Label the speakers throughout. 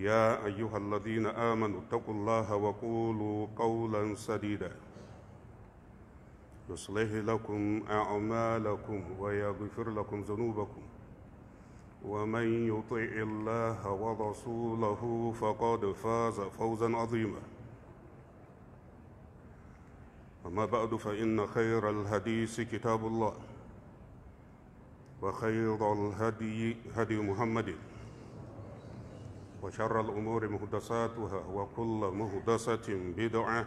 Speaker 1: يا ايها الذين امنوا اتقوا الله وقولوا قولا سديدا يصلح لكم اعمالكم ويغفر لكم ذنوبكم ومن يطع الله ورسوله فقد فاز فوزا عظيما اما بعد فان خير الحديث كتاب الله وخير الهدي هدي محمد وشر الأمور مهدساتها وكل مهدسة بدعة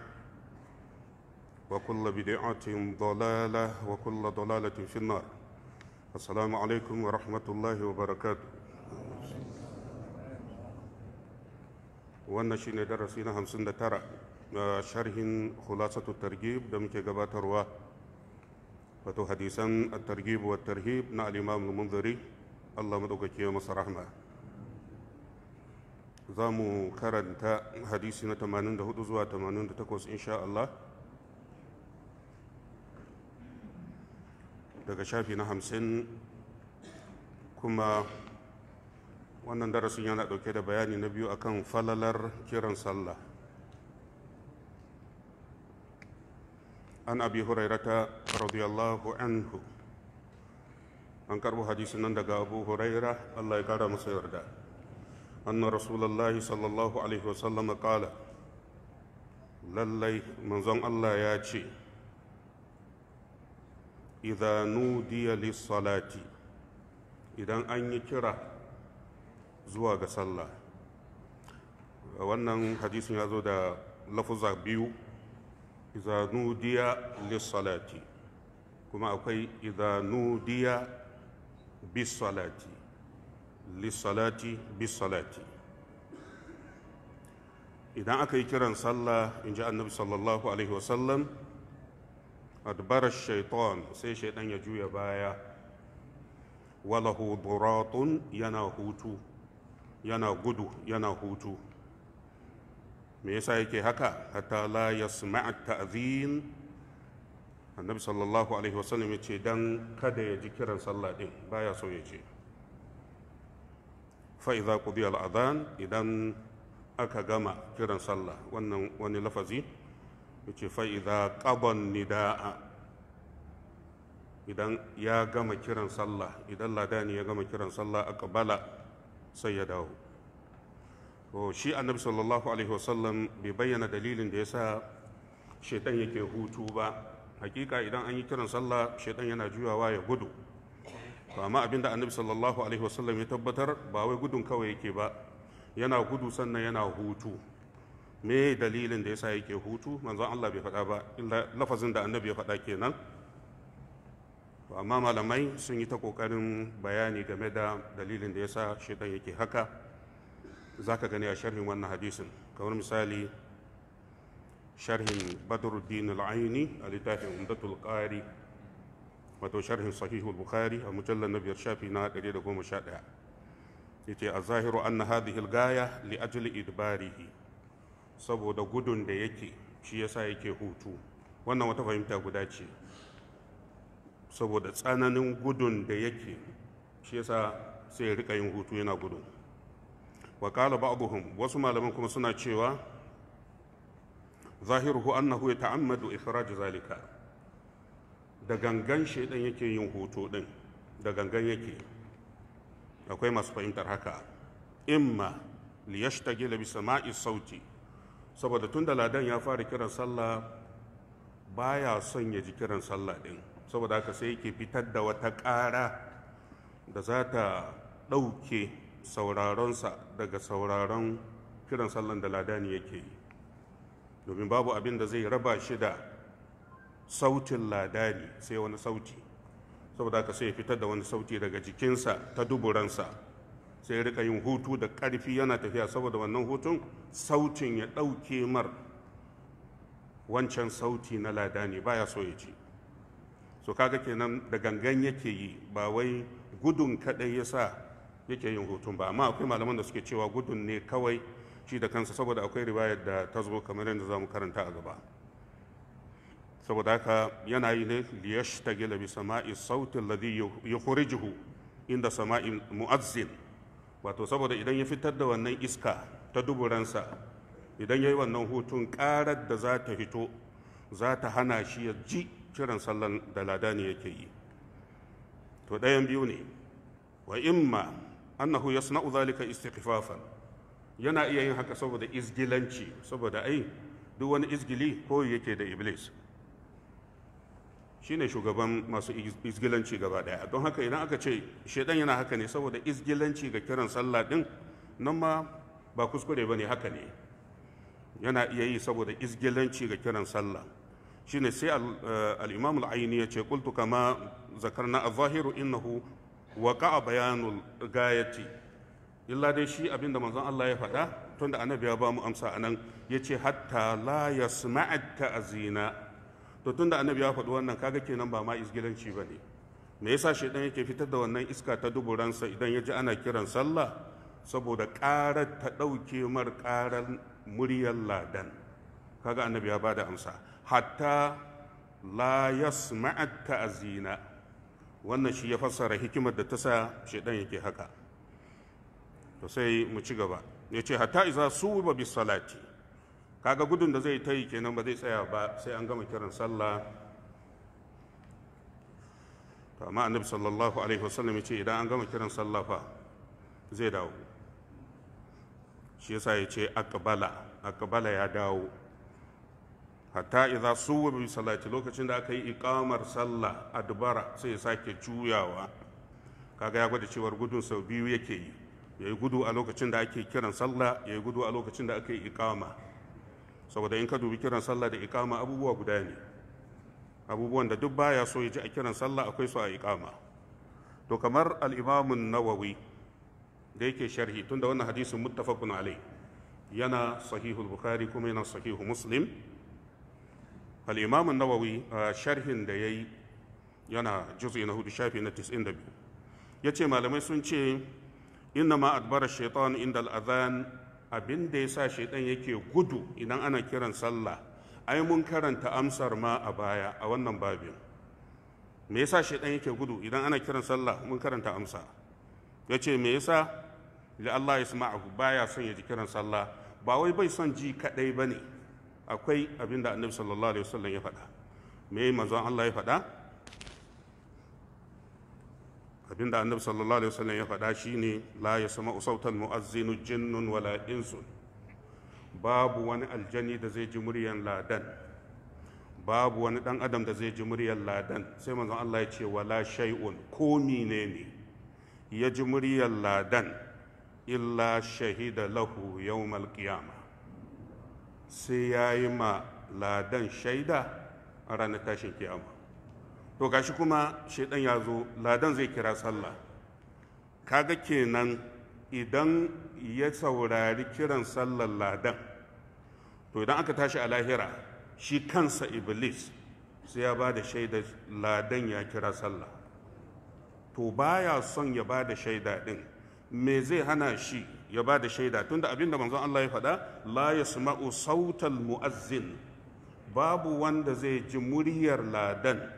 Speaker 1: وكل بدعة ضلالة وكل ضلالة في النار السلام عليكم ورحمة الله وبركاته ونشين درسين همسن ترى آه، شرح خلاصة الترجيب دمك قبات رواه وتحديثا الترجيب والترهيب نال الإمام المنذري اللهم دوك كيوم الصرحمة za mu karanta hadisi na 84 zuwa 88 insha Allah daga shafi na 50 kuma wannan darasin yana dauke da bayani na biyu akan falalar kiran sallah an abi hurairata radiyallahu anhu an karbo hadisin nan daga abu huraira Allah ya kara masa yarda أن رسول الله صلى الله عليه وسلم قال للي منظم الله ياتي إذا نودي للصلاة إذا أن يكره زواج صلى wannan hadisin ya zo da lafuza biyu idza nudiya salati kuma akwai izanudiya nudiya salati lissalati bisalati idan aka yi kiran sallah in ji annabi sallallahu alaihi wasallam adbara shaitan sai shaitan ya juya baya walahu duratun yana hutu yana gudu yana hutu me yasa yake haka hatta la yasma' ta'zin annabi sallallahu alaihi wasallam ya ce dan kada ya ji kiran sallah din baya so ya ce fa'iza ku biya al'adhan idan aka gama kiran sallah wannan wani lafazi yace fa'iza ni nida'a idan ya gama kiran sallah idan ladani ya gama kiran sallah aka bala sai ya dawo to shi annabi sallallahu alaihi wasallam bai bayyana dalilin da ya sa shaitan yake hutu ba hakika idan an yi kiran sallah shaitan yana juyawa ya gudu to amma da annabi sallallahu alaihi wasallam ya tabbatar ba wai gudun kawai yake ba yana gudu sannan yana hutu me dalilin da yasa yake hutu manzon Allah bai faɗa ba illa lafazin da annabi ya faɗa kenan to amma malamai sun yi ta kokarin bayani game da dalilin da yasa shaitan yake haka zaka gani a sharhin wannan hadisin kamar misali sharhin badruddin al-aini a littafin umdatul qari wato sharhin sahihul bukhari a mujallar na biyar shafi na 111 yace a zahiru anna hadhihi al-gaya li ajli idbarihi saboda gudun da yake shi yasa yake hutu wannan wata fahimta guda ce saboda tsananin gudun da yake shi yasa sai ya rika yin hutu yana gudu wa qala ba'dhum wasu malaman kuma suna cewa zahiruhu annahu yata'ammadu ikhraj zalika da gangan shaidan yake yin hoto ɗin, da gangan yake akwai masu fahimtar haka imma liyashtagila bisa sama'i sauti saboda tun da ladan ya fara kiran sallah baya son ya ji kiran sallah din saboda haka sai yake fitar da wata ƙara da za ta ɗauke sauraronsa daga sauraron kiran sallan da ladani yake yi domin babu abin da zai raba shi da sautin ladani sai wani sauti saboda haka sai ya fitar da wani sauti daga jikinsa ta duburansa sai rika yin hutu da karfi yana tafiya saboda wannan hutun sautin ya ɗauke mar wancan sauti na ladani baya so ya ci so kaga kenan da gangan yake yi ba wai gudun kaɗai ya sa yake yin hutun ba amma akwai malaman da suke cewa gudun ne kawai shi da kansa saboda akwai riwayar da ta zo kamar yadda za mu karanta a gaba saboda haka yana yi ne liyashtagila bi sama'i sautin alladhi yukhrijuhu inda sama'i mu'azzin wato saboda idan ya fitar da wannan iska ta duburansa idan ya yi wannan hutun ƙarar da za ta hito za ta hana shi ya ji kiran sallan da ladani yake yi to ɗayan biyu ne wa imma annahu yasna'u zalika istiqfafan yana iya yin haka saboda izgilanci saboda ai duk wani izgili ko yake da iblis shine shugaban masu izgilanci gaba daya don haka idan aka ce shedan yana haka ne saboda izgilanci ga kiran sallah din nan ma ba kuskure bane haka ne yana iya yi saboda izgilanci ga kiran sallah shine sai eh, al-imam al-aini ya ce qultu kama zakarna az-zahiru innahu waqa'a bayanul gayati illa dai shi abinda manzon Allah ya faɗa tunda annabi ya ba mu amsa anan yace hatta la yasma'a ta'zina to tunda annabi ya faɗi wannan kaga kenan ba ma isgilanci ba ne me yasa shaidan yake fitar da wannan iska ta duburansa idan ya ji ana kiran sallah saboda ƙarar ta ɗauke mar ƙarar muryar ladan kaga annabi ya bada amsa hatta la yasma'a ta'zina wannan shi ya fassara hikimar da ta sa shaidan yake haka to sai mu ci gaba yace hatta iza suba bis salati kaga gudun da zai ta yi kenan ba zai tsaya ba sai an gama kiran sallah to amma annabi sallallahu alaihi wasallam yace idan an gama kiran sallah fa zai dawo shi yasa yace aqbala aqbala ya dawo hatta idza suwa bi salati lokacin da aka yi iqamar sallah adbara sai ya sake juyawa kaga ya gwada cewar gudun sau biyu yake yi yayi gudu a lokacin da ake kiran sallah yayi gudu a lokacin da aka yi iqama saboda in ka dubi kiran sallah da ikama abubuwa guda ne abubuwan da duk baya so ya ji a kiran sallah akwai su a ikama to kamar al nawawi da yake sharhi tunda wannan hadisin muttafaqun alai yana sahihul bukhari kuma yana sahihu muslim al-imamun nawawi sharhin da yi yana juz'i na hudu shafi na Ya ce malamai sun ce inna ma adbara shaitan inda azan. abin da ya sa shaidan yake gudu idan ana kiran sallah ai mun karanta amsar ma a baya a wannan babin me yasa shaidan yake gudu idan ana kiran sallah mun karanta amsa ya ce me yasa li Allah ya baya son ya ji kiran sallah ba wai bai son ji kadai bane akwai abin da annabi sallallahu alaihi wasallam ya faɗa me manzon Allah ya faɗa abinda annabi sallallahu alaihi wasallam ya faɗa shine la yasma'u sautan mu'azzinu jinnun wala babu wani aljani da zai ji muryan ladan babu wani dan adam da zai ji muryan ladan sai manzon Allah ya ce wala shay'un ko ne. ya ji muryan ladan illa shahida lahu yawmal qiyama sai yayi ma ladan shaida a ranar tashin kiyama to gashi kuma shaidan ya zo ladan zai kira sallah kaga kenan idan ya saurari kiran sallar ladan to idan aka tashi a lahira shi kansa iblis sai ya ba da shaida ladan ya kira sallah to baya son ya ba da shaida din me zai hana shi ya ba da shaida tunda abinda manzon Allah ya faɗa la yasma'u sautal mu'azzin babu wanda zai ji muryar ladan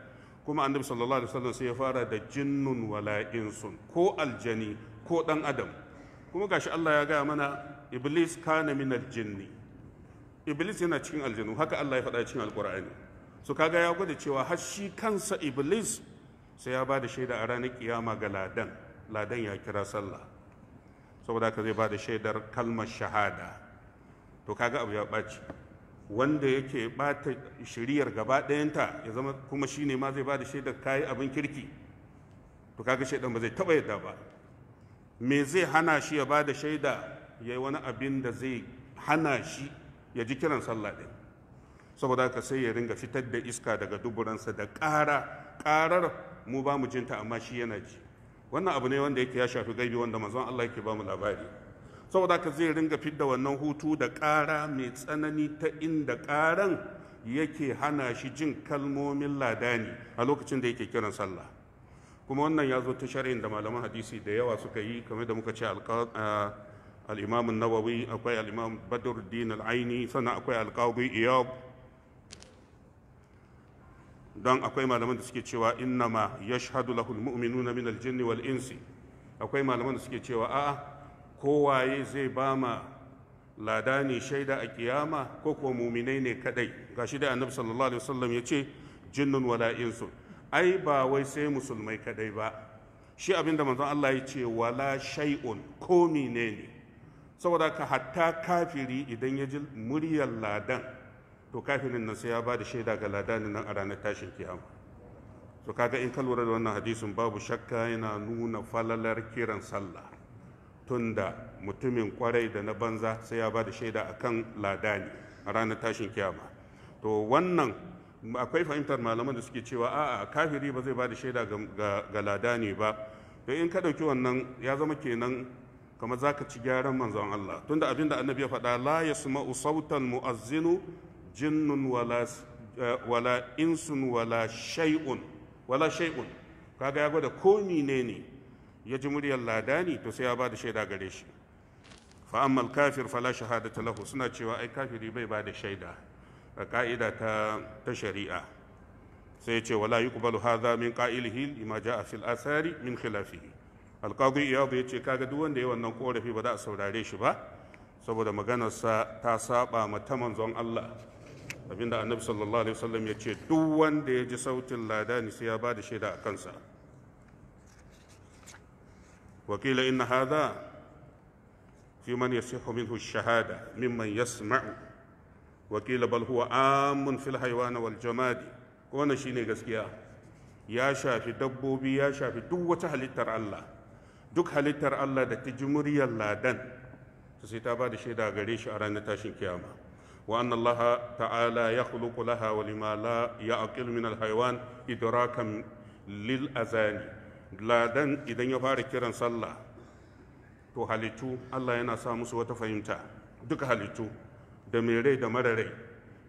Speaker 1: kuma annabi sallallahu alaihi wasallam sai ya fara da jinnun wala insun ko aljani ko dan adam kuma gashi Allah ya gaya mana iblis kana min aljinni iblis yana cikin aljanu haka Allah ya faɗa cikin alqur'ani so kaga ya gwada cewa har shi kansa iblis sai ya bada shaida a ranar kiyama ga ladan ladan ya kira sallah saboda haka zai bada shaidar kalmar shahada to kaga abu ya ɓaci wanda yake bata shiriyar gaba ɗayanta ya zama kuma shi ne ma zai ba da shaidar kayi abin kirki to kaga shaidan ba zai taba yadda ba me zai hana shi ya ba da shaida ya yi wani abin da zai hana shi ya ji kiran sallah ɗin saboda haka sai ya ringa fitar da iska daga duburansa da ƙara ƙarar mu ba mu jinta amma shi yana ji wannan abu ne wanda yake ya shafi gaibi wanda manzon Allah yake ba mu labari saboda ka zai ringa fidda wannan hutu da ƙara mai tsanani ta inda ƙaran yake hana shi jin kalmomin ladani a lokacin da yake kiran sallah kuma wannan ya zo ta shari'in da malaman hadisi da yawa suka yi kamar da muka ce al-imam nawawi akwai al-imam badruddin al-aini sannan akwai al-qadi iyab don akwai malaman da suke cewa innama yashhadu lahul mu'minuna min al-jinni wal insi akwai malaman da suke cewa a'a kowaye zai ba ma lada ne shaida a kiyama ko kuwa muminai ne kadai gashi da annabi sallallahu alaihi wasallam ya ce jinnun wala ai ba wai sai musulmai kadai ba shi abinda manzon Allah ya ce wala shay'un ko menene saboda ka hatta kafiri idan ya ji muryar ladan to kafirin nan sai ya ba da shaida ga ladanin nan a ranar tashin kiyama to kaga in ka lura da wannan hadisin babu shakka yana nuna falalar kiran sallah tunda mutumin kwarai da na banza sai ya ba da shaida a kan ladani a ranar tashin kiyama to wannan akwai fahimtar malaman da suke cewa a'a kafiri ba zai ba da shaida ga ladani ba to in ka ɗauki wannan ya zama kenan kamar za ka ci gyaran manzon Allah tunda da annabi ya faɗa la yasma'u sautan mu'azzinu jinnun eh, wala insun wala shay'un wala shay'un kaga ya gwada ko ne ne ya ji muryar ladani to sai ya ba da shaida gare shi fa ammal kafir fala shahadata lahu suna cewa ai kafiri bai ba da shaida a ka'ida ta ta shari'a sai ya ce wala yuqbalu hadha min qa'ilihi lima ja'a fil athari min khilafihi alqadi iyad ya ce kaga duk wanda ya wannan korafi ba za a saurare shi ba saboda maganarsa ta saba ma ta manzon Allah abinda annabi sallallahu alaihi wasallam ya ce duk wanda ya ji sautin ladani sai ya ba da shaida a kansa وقيل إن هذا في من يصح منه الشهادة ممن يسمع وقيل بل هو عام في الحيوان والجماد وانا شيني غسكيا يا شافي دبوبي يا شافي دو wata halittar Allah duk halittar Allah da ta ji muryar ladan sai ta bada da shaida gare shi a ranar tashin kiyama wa Allah ta'ala ya khuluqu laha idrakan lil ladan idan ya fara kiran sallah to halittu Allah yana sa musu wata fahimta duka halittu da mai rai da mara rai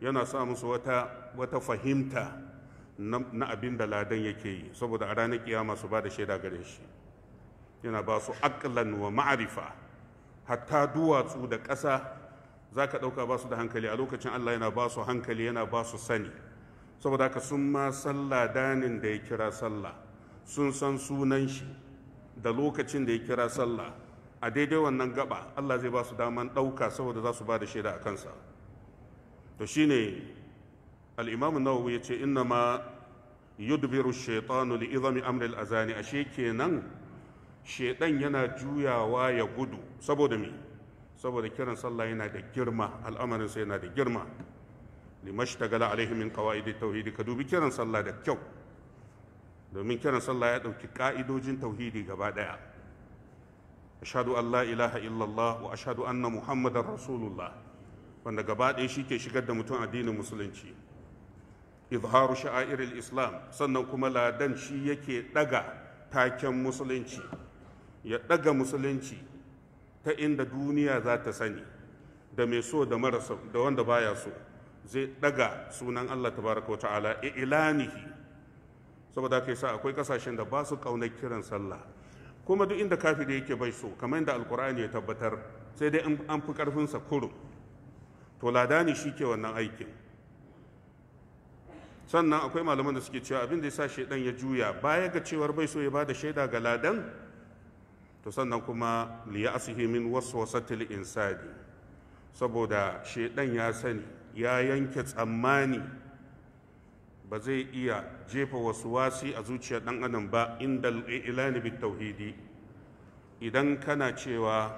Speaker 1: yana sa musu wata wata fahimta na abin da ladan yake yi saboda a ranar kiyama su ba da shaida gare shi yana ba su aqlan wa ma'arifa hatta duwatsu da ƙasa za ka ɗauka ba su da hankali a lokacin Allah yana ba su hankali yana ba su sani saboda haka sun ma sallah danin da ya kira sallah sun san sunan shi da lokacin da ya kira sallah a daidai wannan gaba Allah zai ba su daman ɗauka saboda za su ba da shaida a kansa to shi ne imam nawawi yace inna ma yudbiru ash-shaytanu li idami amril azani ashe kenan shaidan yana juyawa ya gudu saboda me saboda kiran sallah yana da girma al'amarinsa yana da girma ta gala alaihi min qawaid at ka dubi kiran sallah da kyau domin kiran sallah ya ɗauki ƙa'idojin tauhidi gaba ɗaya ashadu Allah ilaha illallah wa ashadu anna muhammadan rasulullah wanda gaba ɗaya shi ke shigar da mutum addinin musulunci izharu sha'airil islam sannan kuma ladan shi yake ɗaga taken musulunci ya ɗaga musulunci ta inda duniya za ta sani da mai so da marasa da wanda baya so zai ɗaga sunan allah tabaraka wa ta'ala ilanihi saboda ka sa akwai kasashen da ba su kaunar kiran sallah kuma duk inda kafiri yake bai so kamar yadda alkur'ani ya tabbatar sai dai an fi karfinsa kurum to ne shi ke wannan aikin sannan akwai malaman da suke cewa abin da ya sa shaidan ya juya baya ga cewar bai so ya ba da shaida ga ladan to sannan kuma liya asihi min waswasatil insani saboda shaidan ya sani ya yanke tsammani ba zai iya jefa wasu wasi a zuciyar ɗan adam ba inda ilani bit tauhidi idan kana cewa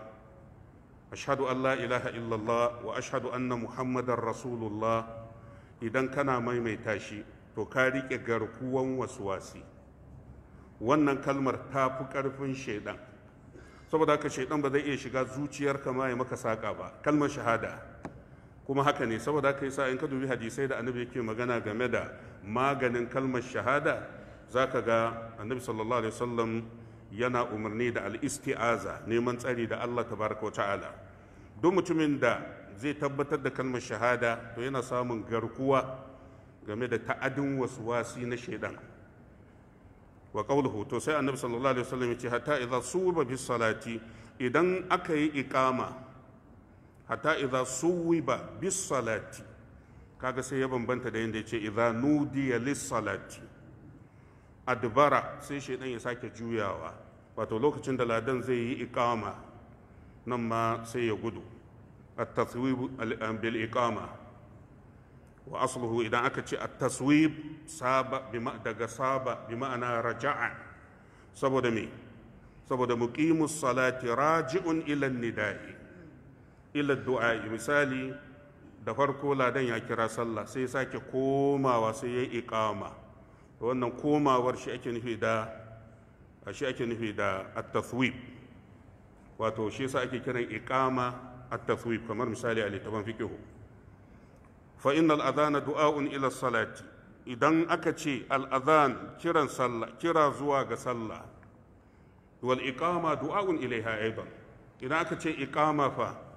Speaker 1: ashadu Allah ilaha illallah wa ashadu anna Muhammadan rasulullah idan kana maimaita shi to ka riƙe garkuwan wasu wasi wannan kalmar ta fi ƙarfin shaidan saboda haka shaidan ba zai iya shiga zuciyarka ma ya maka saƙa ba kalmar shahada kuma haka ne saboda haka yasa in ka dubi hadisai da annabi yake magana game da maganin kalmar shahada zaka ga annabi sallallahu alaihi wasallam yana umarni da al-isti'aza neman tsari da Allah tabaraka wa ta'ala duk mutumin da zai tabbatar da kalmar shahada to yana samun garkuwa game da ta'adin waswasi na shaidan wa qawluhu to sai annabi sallallahu alaihi wasallam ya ce hatta idza suba bis salati idan aka yi iqama hatta idza suwiba bis salati kaga sai ya bambanta da yanda yace idza nudiya lis salati adbara sai shedan ya sake juyawa wato lokacin da ladan zai yi iqama nan ma sai ya gudu at-taswib eh, bil iqama wa asluhu idan aka ce at-taswib saba daga saba bi ma'ana raja'a saboda me saboda muqimus salati raji'un ila nida'i illa du'a misali da farko ladan ya kira sallah sai sake komawa sai ya iqama to wannan komawar shi ake nufi da shi ake nufi da at-taswib wato shi yasa ake kiran iqama at-taswib kamar misali a littafin fiqh fa innal adhana du'a'un ila salati idan aka ce al-adhan kiran sallah kira zuwa ga sallah wal iqama du'a'un ilaiha aidan idan aka ce iqama fa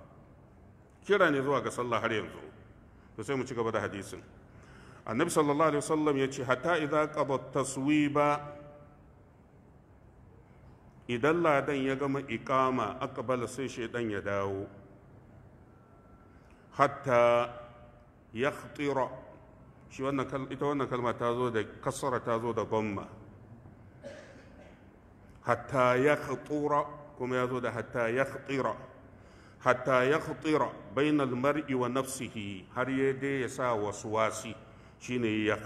Speaker 1: kira ne zuwa ga sallah har yanzu to sai mu ci gaba da hadisin annabi sallallahu alaihi wasallam ya ce hatta idza qada taswiba idan ladan ya gama ikama aqbala sai shaidan ya dawo hatta yakhtira shi wannan ita wannan kalma ta zo da kasara ta zo da gomma hatta yakhtira kuma ya zo da hatta yakhtira hatta ya khutira bainal mar'i wa nafsihi har ya dai ya sa wasu wasi shine ya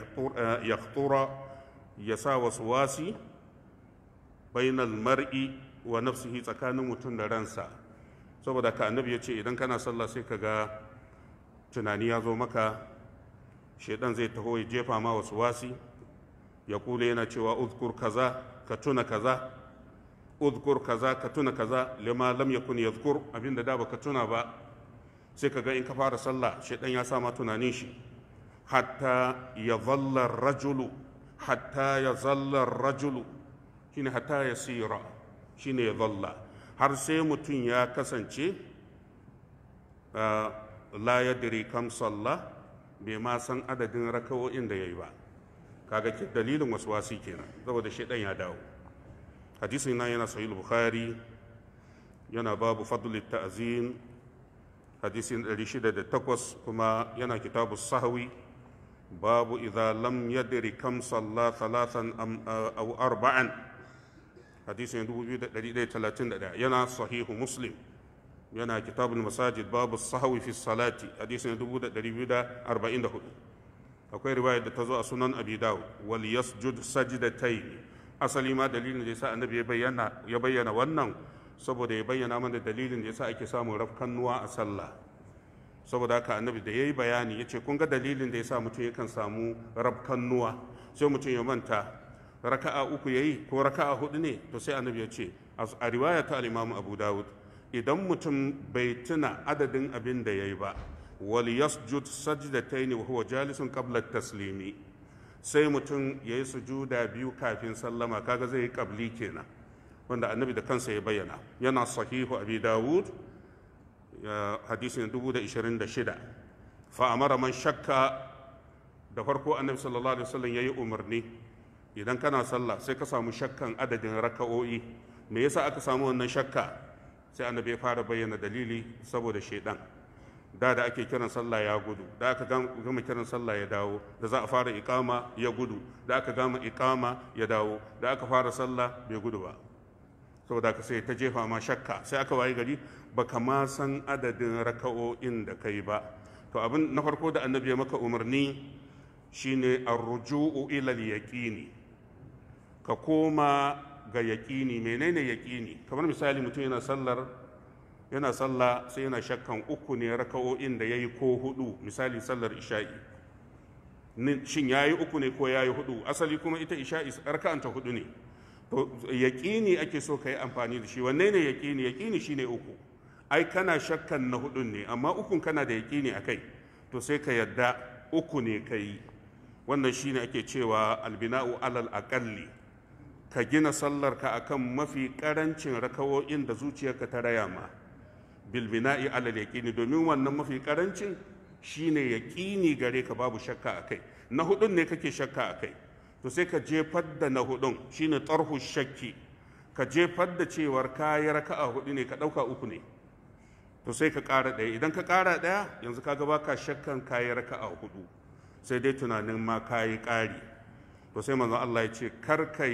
Speaker 1: khutura eh, ya sa wasu wasi bainal mar'i wa nafsihi tsakanin mutum da ransa saboda ka annabi ya ce idan kana sallah sai ka ga tunani ya zo maka shaidan zai taho ya jefa ma wasu wasi ya kula yana cewa uzkur kaza ka tuna kaza uzkur kaza ka tuna kaza lima lam yakun yazkur abinda da baka tuna ba sai ka ga in ka fara sallah shedan ya sa ma tunanin shi hatta ya zalla rajulu hatta ya zalla rajulu shine hatta ya sira shine ya zalla har sai mutum ya kasance la yadri kam sallah bai ma san adadin rakawo'in da yayi ba kaga dalilin wasu wasi kenan saboda shedan ya dawo hadisin nan yana sahih bukhari yana babu fadli ta'zin hadisin 608 kuma yana kitabu sahawi babu idza lam yadri kam salla thalathan am aw arba'an hadisin 2131 yana sahihu muslim yana kitabul masajid babu sahawi fi salati hadisin 2244 akwai riwaya da ta zo a sunan abi dawud wal yasjud sajdatayn asali ma dalilin da yasa annabi ya bayyana ya bayyana wannan saboda ya bayyana mana dalilin da yasa ake samun rafkan nuwa a sallah saboda haka annabi da yi bayani yace kun ga dalilin da yasa mutum yakan samu rafkan nuwa sai mutum ya manta raka'a uku yayi ko raka'a hudu ne to sai annabi ya ce a riwaya ta al-Imam Abu Dawud idan mutum bai tuna adadin abin da yayi ba wal yasjud sajdatayn wa huwa jalisun qabla taslimi sai mutum ya yi sujuda biyu kafin sallama kaga zai yi kabli kenan wanda annabi da kansa ya bayyana yana sahihu abi dawud hadisin 2026 fa amara man shakka da farko annabi sallallahu alaihi wasallam yayi umarni idan kana sallah sai ka samu shakkan adadin raka'o'i me yasa aka samu wannan shakka sai annabi ya fara bayyana dalili saboda shedan da da ake kiran sallah ya gudu da aka gama kiran sallah ya dawo da za a fara ikama ya gudu da aka gama ikama ya dawo da aka fara sallah bai gudu ba saboda ka sai ta jefa ma shakka sai aka wayi gari baka ma san adadin raka'o'in da kai ba to abin na farko da annabi ya maka umarni shine arruju'u ila yaqini ka koma ga yaqini menene yaqini kamar misali mutum yana sallar yana sallah sai yana shakkan uku ne raka'o'in da ya ko hudu misali sallar isha'i shin ya yi uku ne ko ya yi hudu asali kuma ita isha'i raka'anta hudu ne to yaƙini ake so ka yi amfani da shi wanne ne yaƙini yaƙini shine uku ai kana shakkan na hudu ne amma ukun kana da yaƙini a kai to sai ka yadda uku ne ka yi wannan shine ake cewa albina'u alal aƙalli ka gina sallarka akan mafi ƙarancin raka'o'in da zuciyarka ta raya ma bil bina'i alal yaqini domin wannan mafi karancin shine yaqini gare ka babu shakka akai na hudun ne kake shakka akai to sai ka jefar da na hudun shine tarhu shakki ka jefar da cewar kayi a hudu ne ka dauka uku ne to sai ka ƙara ɗaya idan ka kara ɗaya yanzu ka gaba ka shakkan kayi a hudu sai dai tunanin ma kayi ƙari to sai manzon Allah ya ce kar ka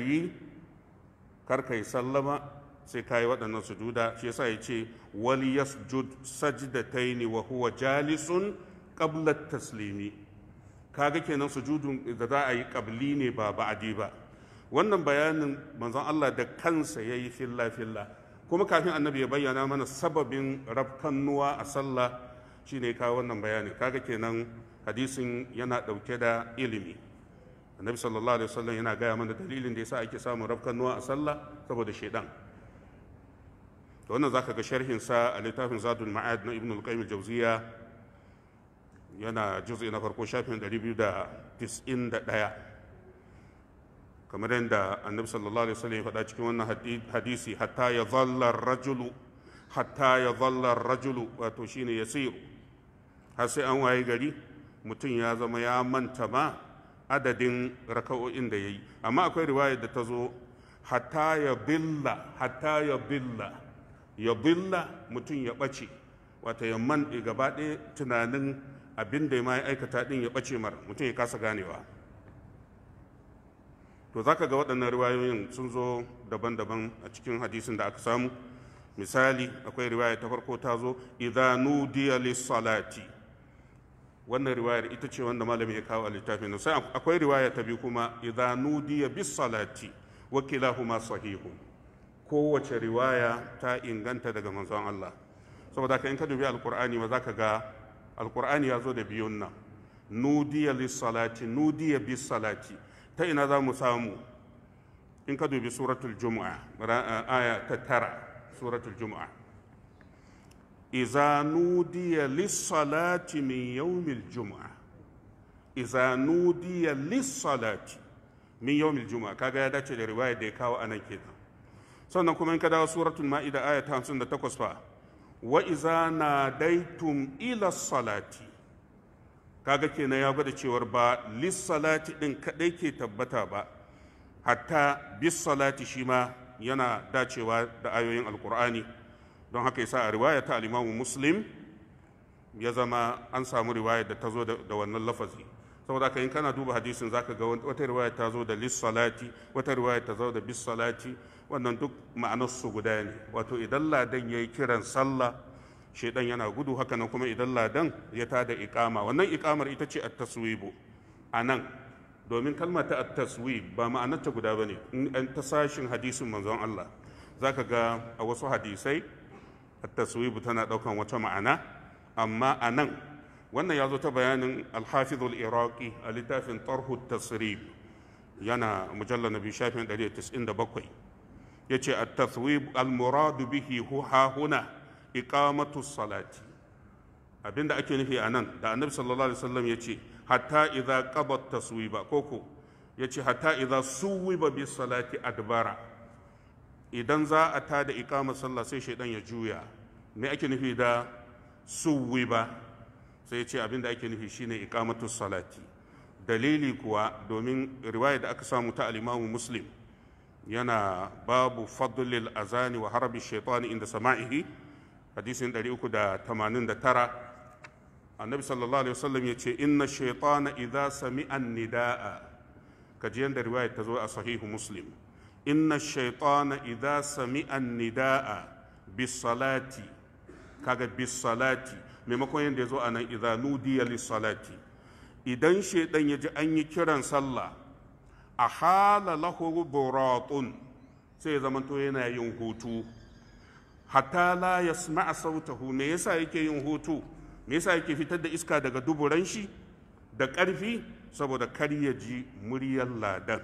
Speaker 1: kar ka yi sallama sai ka yi waɗannan sujuda shi yasa ya ce wali yasjud sajdataini wa huwa jalisun qabla taslimi kaga kenan sujudun da za a yi qabli ne ba badi ba wannan bayanin manzon Allah da kansa yayi filla filla kuma kafin annabi ya bayyana mana sababin rafkannuwa a sallah shine ka wannan bayani kaga kenan hadisin yana ɗauke da ilimi annabi sallallahu alaihi wasallam yana gaya mana dalilin da yasa ake samun rafkannuwa a sallah saboda shaidan da wannan zaka ga sharhin sa a littafin zadul ma'ad na ibnul qayyim al-jawziya yana juz'i na farko shafin 291 kamar yadda annabi sallallahu alaihi wasallam ya faɗa cikin wannan hadisi hatta ya zalla rajulu hatta ya zalla rajulu wato shine yasiru har sai an waye gari mutum ya zama ya manta ma adadin raka'o'in da yayi amma akwai riwayar da ta zo hatta ya billa hatta ya billa ya billa mutum ya ɓace wata yamman gaba ɗaya tunanin abin da ma ya aikata ɗin ya ɓace mara mutum ya kasa ganewa to za ka ga waɗannan riwayoyin sun zo daban-daban a cikin hadisin da aka samu misali akwai riwaya ta farko ta zo idanu salati wannan riwayar ita ce wanda malami ya kawo a littafin sai akwai riwaya ta biyu kuma idanu bis salati Wakilahu masu sahihu. kowace riwaya ta inganta daga manzon Allah saboda ka in ka dubi alkur'ani ba za ka ga alkur'ani ya zo da biyun nan nudiya lissalati nudiya bis salati ta ina za mu samu in ka dubi suratul jumu'a eh, aya ta tara suratul jumu'a iza nudiya lissalati min yawmil jumu'a iza nudiya lissalati min yawmil jumu'a kaga ya dace da riwaya da ya kawo anan kenan sannan kuma in ka dawo suratul ma'ida aya ta takwas fa wa iza nadaitum ila salati kaga kenan ya gwada cewar ba lis salati din kadai ke tabbata ba hatta bis salati shi ma yana dacewa da ayoyin alkur'ani don haka yasa a riwaya ta alimamu Muslim ya zama an samu riwaya da ta zo da wannan lafazi saboda haka in kana duba hadisin zaka ga wata riwaya ta zo da lis salati wata riwaya ta zo da bis salati wannan duk ma'anarsu guda ne wato idan ladan ya yi kiran sallah shaidan yana gudu haka nan kuma idan ladan ya tada ikama wannan ikamar ita ce at-taswibu a nan domin kalmar ta at-taswib ba ma'anarta guda ba ne in ta sashin hadisin manzon Allah zaka ga a wasu hadisai at-taswibu tana ɗaukan wata ma'ana amma a nan wannan ya zo ta bayanin alhafizul iraqi a littafin tarhu tasrib yana mujallal nabi shafin 197 ya ce a taswib al-muradu bihi hahuna iqamatu salati abinda ake nufi a nan da annabi sallallahu alaihi wasallam ya ce hatta idza qabat taswiba koko ya ce hatta idza suwiba bi salati adbara idan za a ta da iqamar sallah sai shaidan ya juya me ake nufi da suwiba sai ya ce abinda ake nufi shine iqamatu salati dalili kuwa domin riwaya da aka samu ta al-imamu muslim yana babu fadlil azani wa harabi shaitani inda sama'ihi hadisin 389 annabi sallallahu alaihi wasallam ya ce inna shaitana idza sami'a nida'a kaji yanda riwaya ta zo a sahihu muslim inna shaitana idza sami'a nida'a bis salati kaga bis salati maimakon yanda ya zo a nan idza nudiya lis salati idan shaitan ya ji an yi kiran sallah a hala lahu buratun sai zamanto yana yin hutu hatta la yasma'a sautahu me yasa yake yin hutu me yasa yake fitar da iska daga duburan shi da ƙarfi saboda kar ya ji muryar ladan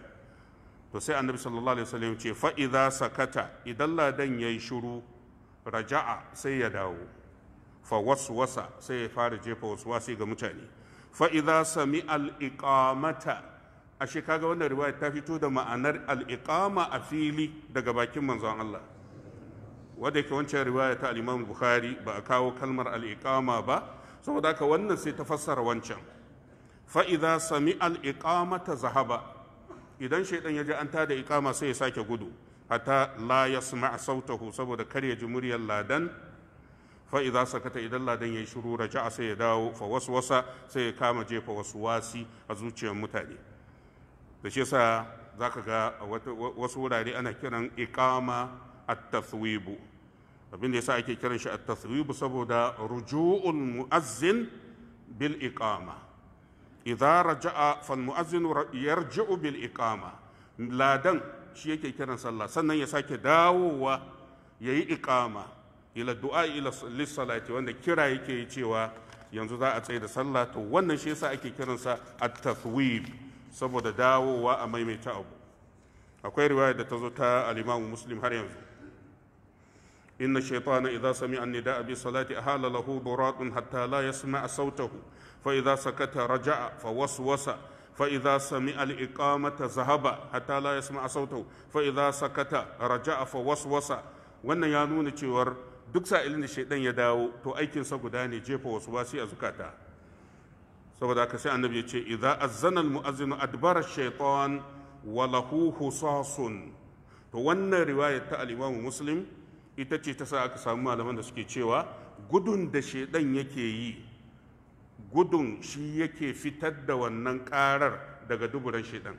Speaker 1: to sai annabi sallallahu alaihi wasallam ce fa idza sakata idan ladan yayi shiru raja'a sai ya dawo fa waswasa sai ya fara jefa waswasi ga mutane fa idza sami al iqamata ashe kaga wannan riwaya ta fito da ma'anar al'iƙama a fili daga bakin manzon Allah wadda yake wancan riwaya ta alimam Bukhari ba a kawo kalmar al'iƙama ba saboda haka wannan sai ta fassara wancan faiza sami al'iƙama ta zahaba idan shaidan ya ji an tada iƙama sai ya sake gudu hatta la a sautahu saboda kar ya ji muryar ladan faiza sakata idan ladan yi shiru raja'a sai ya dawo fa wasa sai ya kama jefa waswasi a zuciyar mutane da shi sa za ka ga wasu wurare ana kiran ikama at-taswibu abin da yasa ake kiran shi at-taswibu saboda ruju'un mu'azzin bil iqama idza raja'a fal mu'azzin yarji'u bil ikama ladan shi yake kiran sallah sannan ya sake dawowa yayi ikama ila du'a ila lissalati wanda kira yake cewa yanzu za a tsaye da sallah to wannan shi yasa ake kiransa at-taswib saboda dawowa a maimaita abu akwai riwaya da ta zo ta alimamu muslim har yanzu inna shaitana idza sami'a an-nida'a bi salati ahala lahu duratun hatta la yasma'a sautahu fa idza sakata raja'a fa waswasa fa idza sami'a al-iqamata zahaba hatta la yasma'a sautahu fa idza sakata raja'a fa waswasa wannan ya nuna cewar duk sa'ilin da shaidan ya dawo to aikinsa guda ne jefa wasu wasi a zukata saboda aka sai annabi ya ce idza azzana almu'azzinu adbara shaytan wa lahu husasun to wannan riwayar ta al-Imam Muslim ita ce ta sa aka samu malaman da suke cewa gudun da shedan yake yi gudun shi yake fitar da wannan karar daga duburan shaiɗan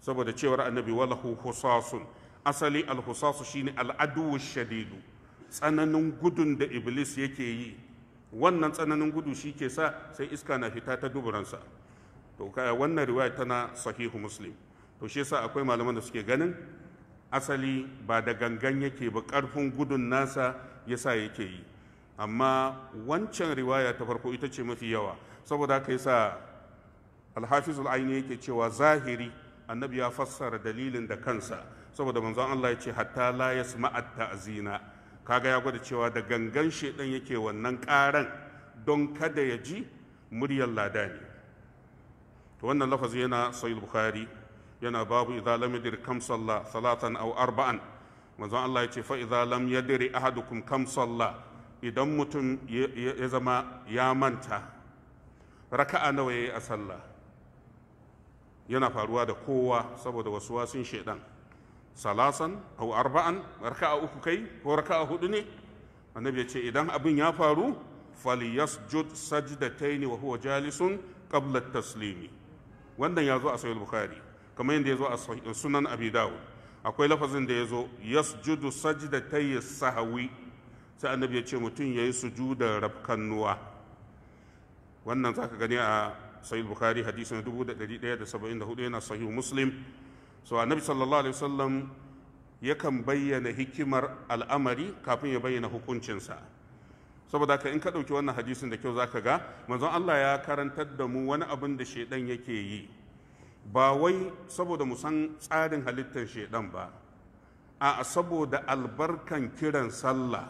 Speaker 1: saboda cewar annabi walahu husasun asali al-husasu shine al-adu shadidu tsananin gudun da iblis yake yi wannan tsananin gudu shi ke sa sai iska na fita ta duburansa to wannan riwaya tana sahihu muslim to shi sa akwai malaman da suke ganin asali ba da gangan yake ba karfin gudun nasa ya yasa yake yi amma wancan riwaya ta farko ita ce mafi yawa saboda haka yasa alhafizul aini yake cewa zahiri annabi ya fassara dalilin da kansa saboda manzon Allah ya ce hatta la yasma'a ta'zina kaga ya gwada cewa da gangan shedan yake wannan karan don kada ya ji muryar ne. to wannan lafazi yana sahih bukhari yana babu idza lam yadir kam salla salatan aw arba'an manzon Allah ya ce fa idza lam yadri ahadukum kam salla idan mutum ya zama ya manta raka'a nawa yayi a sallah yana faruwa da kowa saboda wasu wasin shedan salasan au arba'an raka'a uku kai ko raka'a hudu ne annabi ya ce idan abin ya faru falyasjud sajdataini wa huwa jalisun qabla taslimi wannan ya zo a sahih bukhari kamar yadda ya zo a sunan abi dawud akwai lafazin da ya zo yasjudu sajdatayi sahawi sai annabi ya ce mutum yayi sujudar rafkannuwa wannan zaka gani a sahih bukhari hadisi na 1174 yana sahih muslim so annabi sallallahu alaihi wasallam yakan bayyana hikimar al'amari kafin ya bayyana hukuncinsa saboda ka in ka ɗauki wannan hadisin da kyau za ka ga manzon Allah ya karantar da mu wani abin da shaidan yake yi ba wai saboda mu san tsarin halittar shaidan ba a saboda albarkan kiran sallah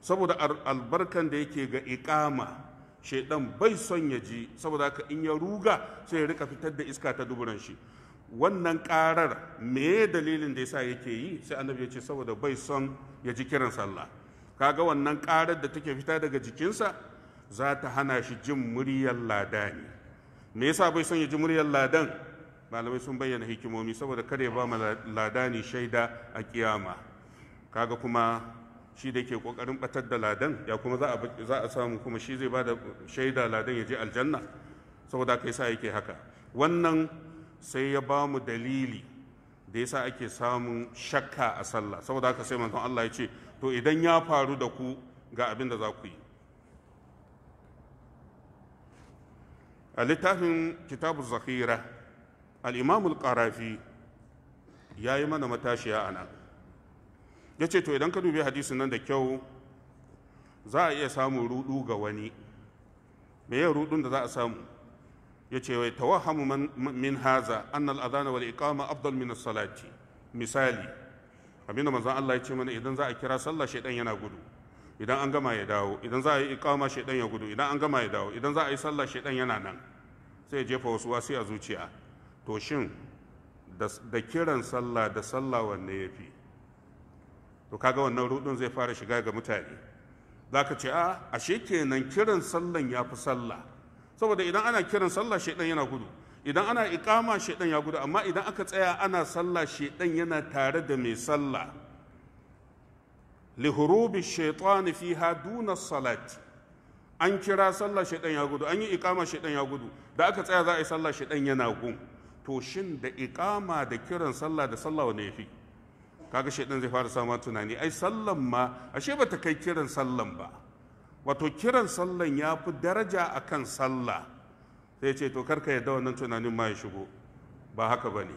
Speaker 1: saboda albarkan da yake ga ikama, shaidan bai son ya ji saboda haka in ya ruga sai ya rika fitar da iska ta duburan shi wannan ƙarar me dalilin da yasa yake yi sai annabi ya ce saboda bai son ya ji kiran sallah kaga wannan karar da take fita daga jikinsa za ta hana shi jin muryar ladani me yasa bai son ya ji muryar ladan malamai sun bayyana hikimomi saboda kare ba mu ladani shaida a kiyama kaga kuma shi da ke kokarin batar da ladan ya kuma za a samu kuma shi zai ba da shaida ladan ya je aljanna saboda kai sa yake haka wannan sai ya ba mu dalili da yasa ake samun shakka a sallah saboda haka sai manzon Allah ya ce to idan ya faru da ku ga abin da za ku yi a littafin kitabu zakhira al-imam al ya yi mana matashiya ana ya ce to idan ka dubi hadisin nan da kyau za a iya samun rudu ga wani me ya rudun da za a samu yace wai tawahhamu min haza anna al-adhana wal iqama afdal min as-salati misali abinda manzon Allah yace mana idan za a kira sallah shaydan yana gudu idan an gama ya dawo idan za a yi iqama shaydan ya gudu idan an gama ya dawo idan za a yi sallah shaydan yana nan sai ya jefa wasu wasi a zuciya to shin da kiran sallah da sallah wanne yafi to kaga wannan rudun zai fara shiga ga mutane zaka ce a ashe kenan kiran sallan yafi sallah saboda idan ana kiran sallah shaidan yana gudu idan ana ikama shaidan ya gudu amma idan aka tsaya ana sallah shaidan yana tare da mai sallah lihurubi shaitani fi duna salati an kira sallah shaidan ya gudu an yi ikama shaidan ya gudu da aka tsaya za a yi sallah shaidan yana gun to shin da ikama da kiran sallah da sallah wane yafi kaga shaidan zai fara samun tunani ai sallan ma ashe bata kai kiran sallan ba wato kiran sallan ya fi daraja a kan sallah sai ce to karka yadda wannan tunanin ma ya shigo ba haka ba ne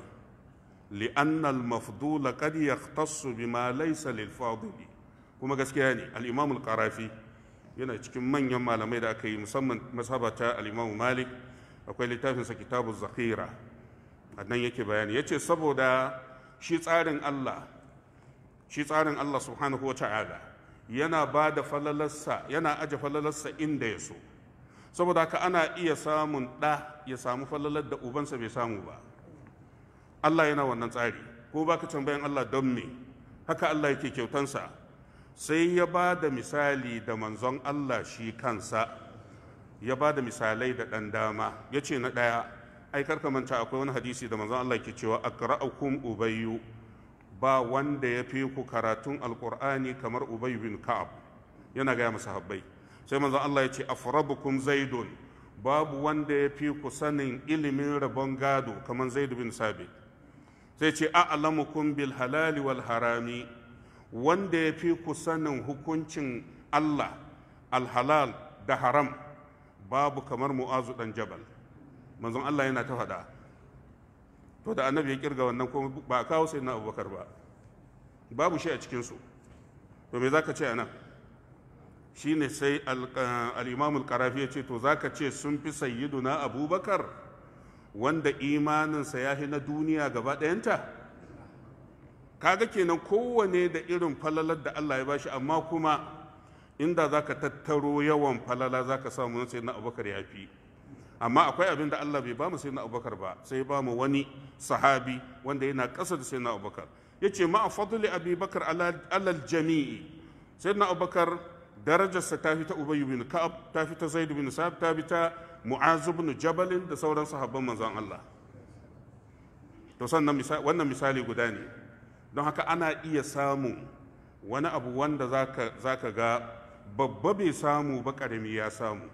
Speaker 1: li'annal mafdula qad yahtassu bima laysa lil fadili kuma gaskiya ne al-imam al-qarafi yana cikin manyan malamai da aka yi musamman masabata ta al-imam malik akwai littafin sa kitabu zakhira nan yake bayani yace saboda shi tsarin Allah shi tsarin Allah subhanahu wa ta'ala yana ba da falalarsa yana aje falalarsa inda ya so saboda haka ana iya samun ɗa ya samu falalar da ubansa bai samu ba Allah yana wannan tsari ko baka tambayan Allah don me haka Allah yake kyautansa sai ya ba da misali da manzon Allah shi kansa ya ba da misalai da ɗan dama ya ce na ɗaya aikar manta akwai wani hadisi da manzon Allah ke cewa akra'akum ubayyu ba wanda ya fi ku karatun alkur'ani kamar ubay bin ka'ab yana gaya masa habbai sai manzon Allah ya ce afrabukum zaidun babu wanda ya fi ku sanin ilimin rabon gado kamar zaid bin sabit sai ce a'lamukum bil halali wal harami wanda ya fi ku sanin hukuncin Allah alhalal da haram babu kamar mu'azu dan jabal manzon Allah yana ta faɗa to da annabi ya kirga wannan kuma ba a kawo sai na abubakar ba babu shi a cikinsu to me za ka ce a nan shi ne sai eh, al'imamul karafi ya ce to za ka ce sun fi na abubakar wanda imaninsa ya na duniya gaba ɗayanta kaga kenan kowane da irin falalar da allah ya bashi amma kuma inda za ka tattaro yawan falala za ka samu sai na abubakar ya fi amma akwai abin da Allah bai ba mu sayyidina Abubakar ba sai ba mu wani sahabi wanda yana ƙasa da sayyidina Abubakar yace ma fadli Abi Bakar alal jami'i sayyidina Abubakar darajarsa ta fita ta Ubay bin Ka'ab ta fita Zaid bin Sa'ab ta Mu'az bin Jabal da sauran sahabban manzon Allah to sannan wannan misali guda ne don haka ana iya samun wani abu wanda zaka zaka ga babba bai samu ba karami ya samu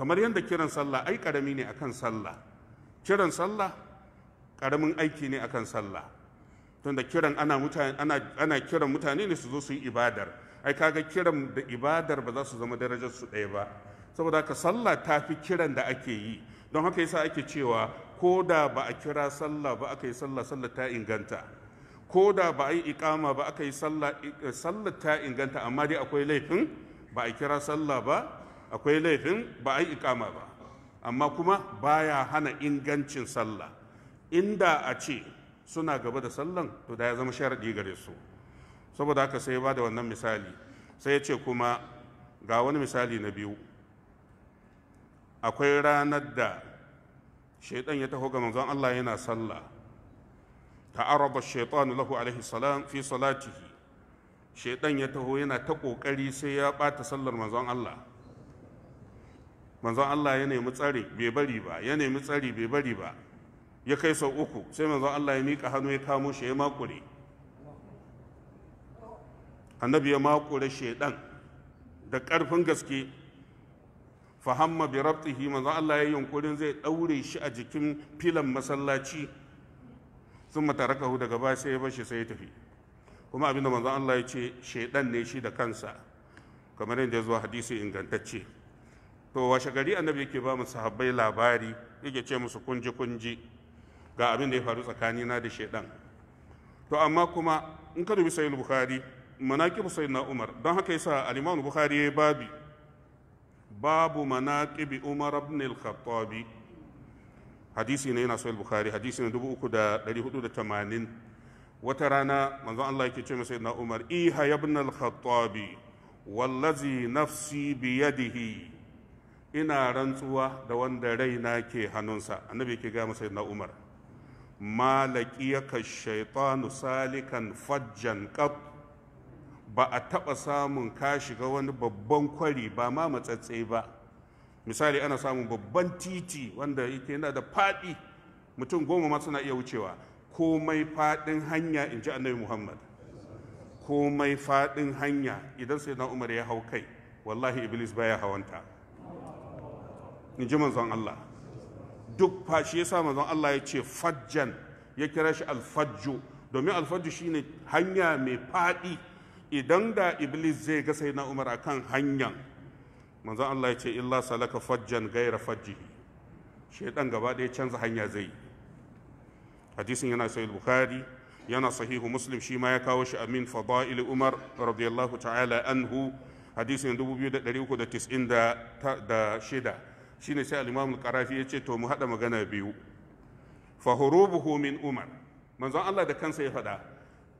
Speaker 1: kamar yadda kiran sallah ai karami ne akan sallah kiran sallah karamin aiki ne akan sallah tunda kiran ana mutane ana ana kiran mutane ne su zo su yi ibadar ai kaga kiran da ibadar ba za su zama darajar su ɗaya ba saboda haka sallah ta fi kiran da ake yi don haka yasa ake cewa ko da ba a kira sallah ba aka yi sallah sallah ta inganta ko da ba a yi ikama ba aka yi sallah sallah ta inganta amma dai akwai laifin ba a kira sallah ba akwai laifin ba a yi ikama ba amma kuma baya hana ingancin sallah inda a ce suna gaba da sallan to da ya zama sharaɗi gare su saboda haka sai ba da wannan misali sai ya ce kuma ga wani misali na biyu akwai ranar da shaitan ya taho ga manzon Allah yana sallah ta'araba shaitanu lahu alaihi salam fi salatihi shaitan ya taho yana ta kokari sai ya bata sallar manzon Allah manzon Allah ya nemi tsari bai bari ba ya nemi tsari bai bari ba ya kai sau uku sai manzon Allah ya mika hannu ya kamo shi ya makure annabi ya makure shaidan da ƙarfin gaske fahamma bi rabtihi manzon Allah ya yunkurin zai daure shi a jikin filan masallaci sun matarakahu daga ba sai ya bar shi sai ya tafi kuma abinda manzon Allah ya ce shaidan ne shi da kansa kamar yadda ya zo hadisi ingantacce to washe gari annabi yake ba mu sahabbai labari yake ce musu kunji kunji ga abin da ya faru tsakanina da shaidan to amma kuma in ka dubi Sayyid bukhari manaqib sayyidina umar don haka yasa al-imam bukhari yayi babi babu manaqib umar ibn al-khattabi hadisi ne yana Sayyid bukhari hadisi ne 3480 wata rana manzon Allah yake ce masa sayyidina umar iha ibn al-khattabi wallazi nafsi biyadihi ina rantsuwa da wanda raina ke hannunsa annabi ke gama masa na umar ya malakiyaka shaitanu salikan fajjan qab ba a taɓa samun ka shiga wani babban kwari ba ma matsatse ba misali ana samun babban titi wanda yake na da faɗi mutum goma ma suna iya wucewa komai faɗin hanya in ji annabi muhammad komai faɗin hanya idan sai na umar ya hau kai wallahi iblis baya hawanta in ji manzon Allah duk fa shi yasa manzon Allah ya ce fajjan ya kira shi alfajjo domin alfajjo shine hanya mai faɗi idan da iblis zai ga sai na umar akan hanyan manzon Allah ya ce illa salaka fajjan gaira fajjihi shaidan gaba ɗaya canza hanya zai yi hadisin yana sahih bukhari yana sahihu muslim shi ma ya kawo shi amin fada'il umar radiyallahu ta'ala anhu hadisin 2396 shine sai al-imam al-qarafi yace to mu hada magana biyu fa hurubuhu min umar manzon Allah da kansa ya faɗa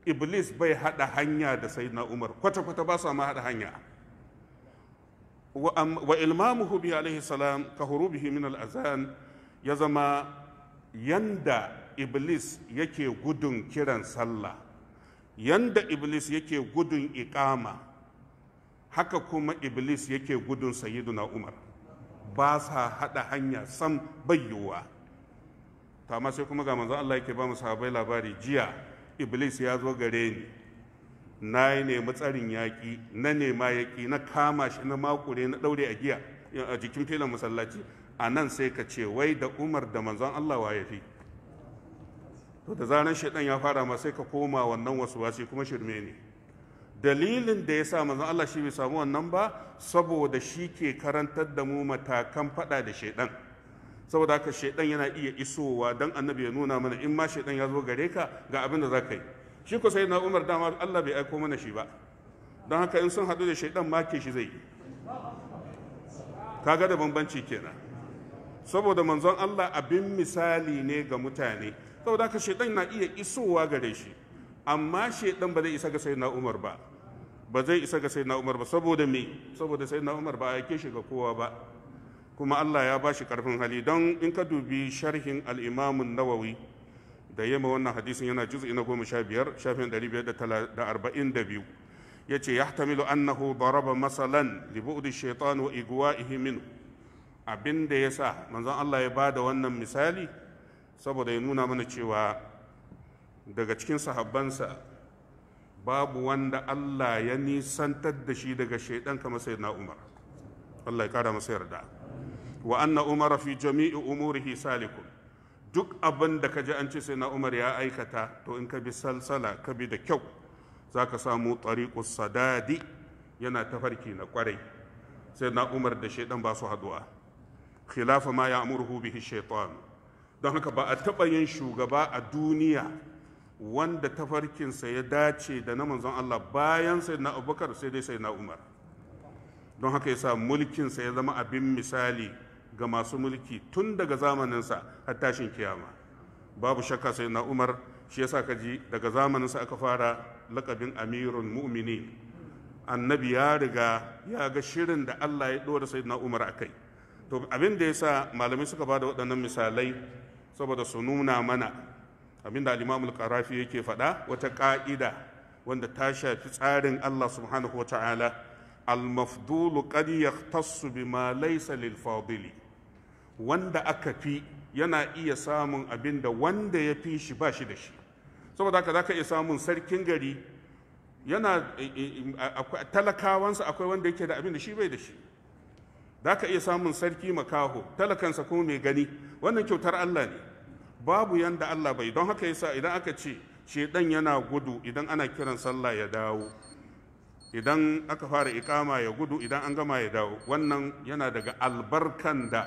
Speaker 1: iblis bai hada hanya da sayyidina umar kwata kwata ba su ma hada hanya wa ilmamuhu bi alaihi salam ka hurubihi min al-azan ya zama yanda iblis yake gudun kiran sallah yanda iblis yake gudun iqama haka kuma iblis yake gudun sayyiduna umar ba sa haɗa hanya san bayyowa ta sai kuma ga manzon Allah yake ba mu sahabbai labari jiya iblis ya zo gare ni na yi nemi tsarin yaƙi na nema yaƙi na kama shi na makure na ɗaure a giya a jikin filin masallaci a nan sai ka ce wai da umar da manzon Allah wa ya fi to da zaran shaidan ya fara ma sai ka koma wannan wasu wasi kuma shirme ne dalilin da ya sa manzon Allah shi bai samu wannan ba saboda shi ke karantar da mu matakan faɗa da shaidan saboda haka shaidan yana iya isowa don annabi ya nuna mana in ma shaidan ya zo gare ka ga abin da za ka yi shi ko sai na Umar dama Allah bai aiko mana shi ba don haka in sun haɗu da shaidan ke shi zai yi kaga da bambanci kenan saboda manzon Allah abin misali ne ga mutane saboda haka shaidan na iya isowa gare shi amma shaidan ba zai isa ga sayyidina Umar ba ba zai isa ga sayyidina Umar ba saboda me saboda sayyidina Umar ba a yake shi ga kowa ba kuma Allah ya ba shi karfin hali don in ka dubi sharhin al'imamun imam nawawi da yamma wannan hadisin yana juz'i ina goma sha biyar shafin ɗari biyar da arba'in da biyu ya ce ya tamilu annahu daraba masalan libu'udi shaitan wa iguwa'ihi min abin da ya sa manzon Allah ya ba da wannan misali saboda ya nuna mana cewa daga cikin sahabbansa babu wanda Allah ya nisantar da shi daga shaidan kamar sayyidina Umar Allah ya kara masa yarda wa anna Umar fi jami'i umurihi salikun duk abin da kaji an ce sai Umar ya aikata to in ka bi salsala ka bi da kyau zaka samu tariqus sadadi yana tafarki na kwarai sai Umar da shaidan ba su haduwa khilafa ma ya'muruhu bihi shaitan don haka ba a taɓa yin shugaba a duniya wanda tafarkinsa ya dace da na manzon Allah bayan sai na abubakar sai dai sai na umar don haka ya sa mulkinsa ya zama abin misali ga masu mulki tun daga zamaninsa har tashin kiyama babu shakka sai na umar shi yasa ka ji daga zamaninsa aka fara lakabin amirun mu'mini annabi ya riga ya ga shirin da Allah ya dora sai na umar a kai to abin da sa malamai suka ba da waɗannan misalai saboda su nuna mana Abin da alimamul al-qarafi yake faɗa wata ƙa'ida wanda ta shafi tsarin Allah subhanahu wa ta'ala al-mafdulu qad yahtassu bima laysa lil fadili wanda aka fi yana iya samun abin da wanda ya fi shi ba shi da shi saboda haka zaka iya samun sarkin gari yana eh, eh, eh, talakawansa akwai wanda yake da abin da shi bai da shi zaka iya samun sarki makaho talakansa kuma mai gani wannan kyautar Allah ne babu yanda Allah bai don haka yasa idan aka ce shedan yana gudu idan ana kiran sallah ya dawo idan aka fara ikama ya gudu idan an gama ya dawo wannan yana daga albarkan da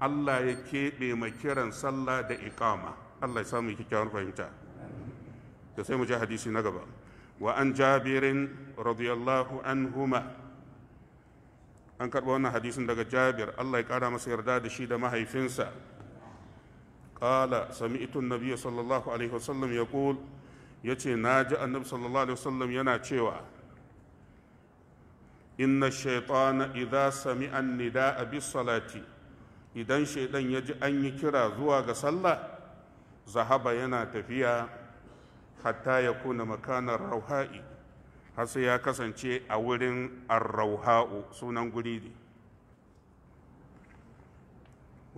Speaker 1: Allah ya keɓe mai kiran sallah da ikama Allah ya samu kikkiawar fahimta da sai mu ji hadisi na gaba wa an jabirin radiyallahu anhuma an karɓi wannan hadisin daga jabir Allah ya ƙara masa yarda da shi da mahaifinsa قال سمعت النبي صلى الله عليه وسلم يقول يتي ناجى النبي صلى الله عليه وسلم ينا تشيوا إن الشيطان إذا سمع النداء بالصلاة إذا شيطان يجي أن يكرى زواج صلى ذهب ينا تفيا حتى يكون مكان الروحاء har sai ya kasance a wurin arrauha'u sunan guri ne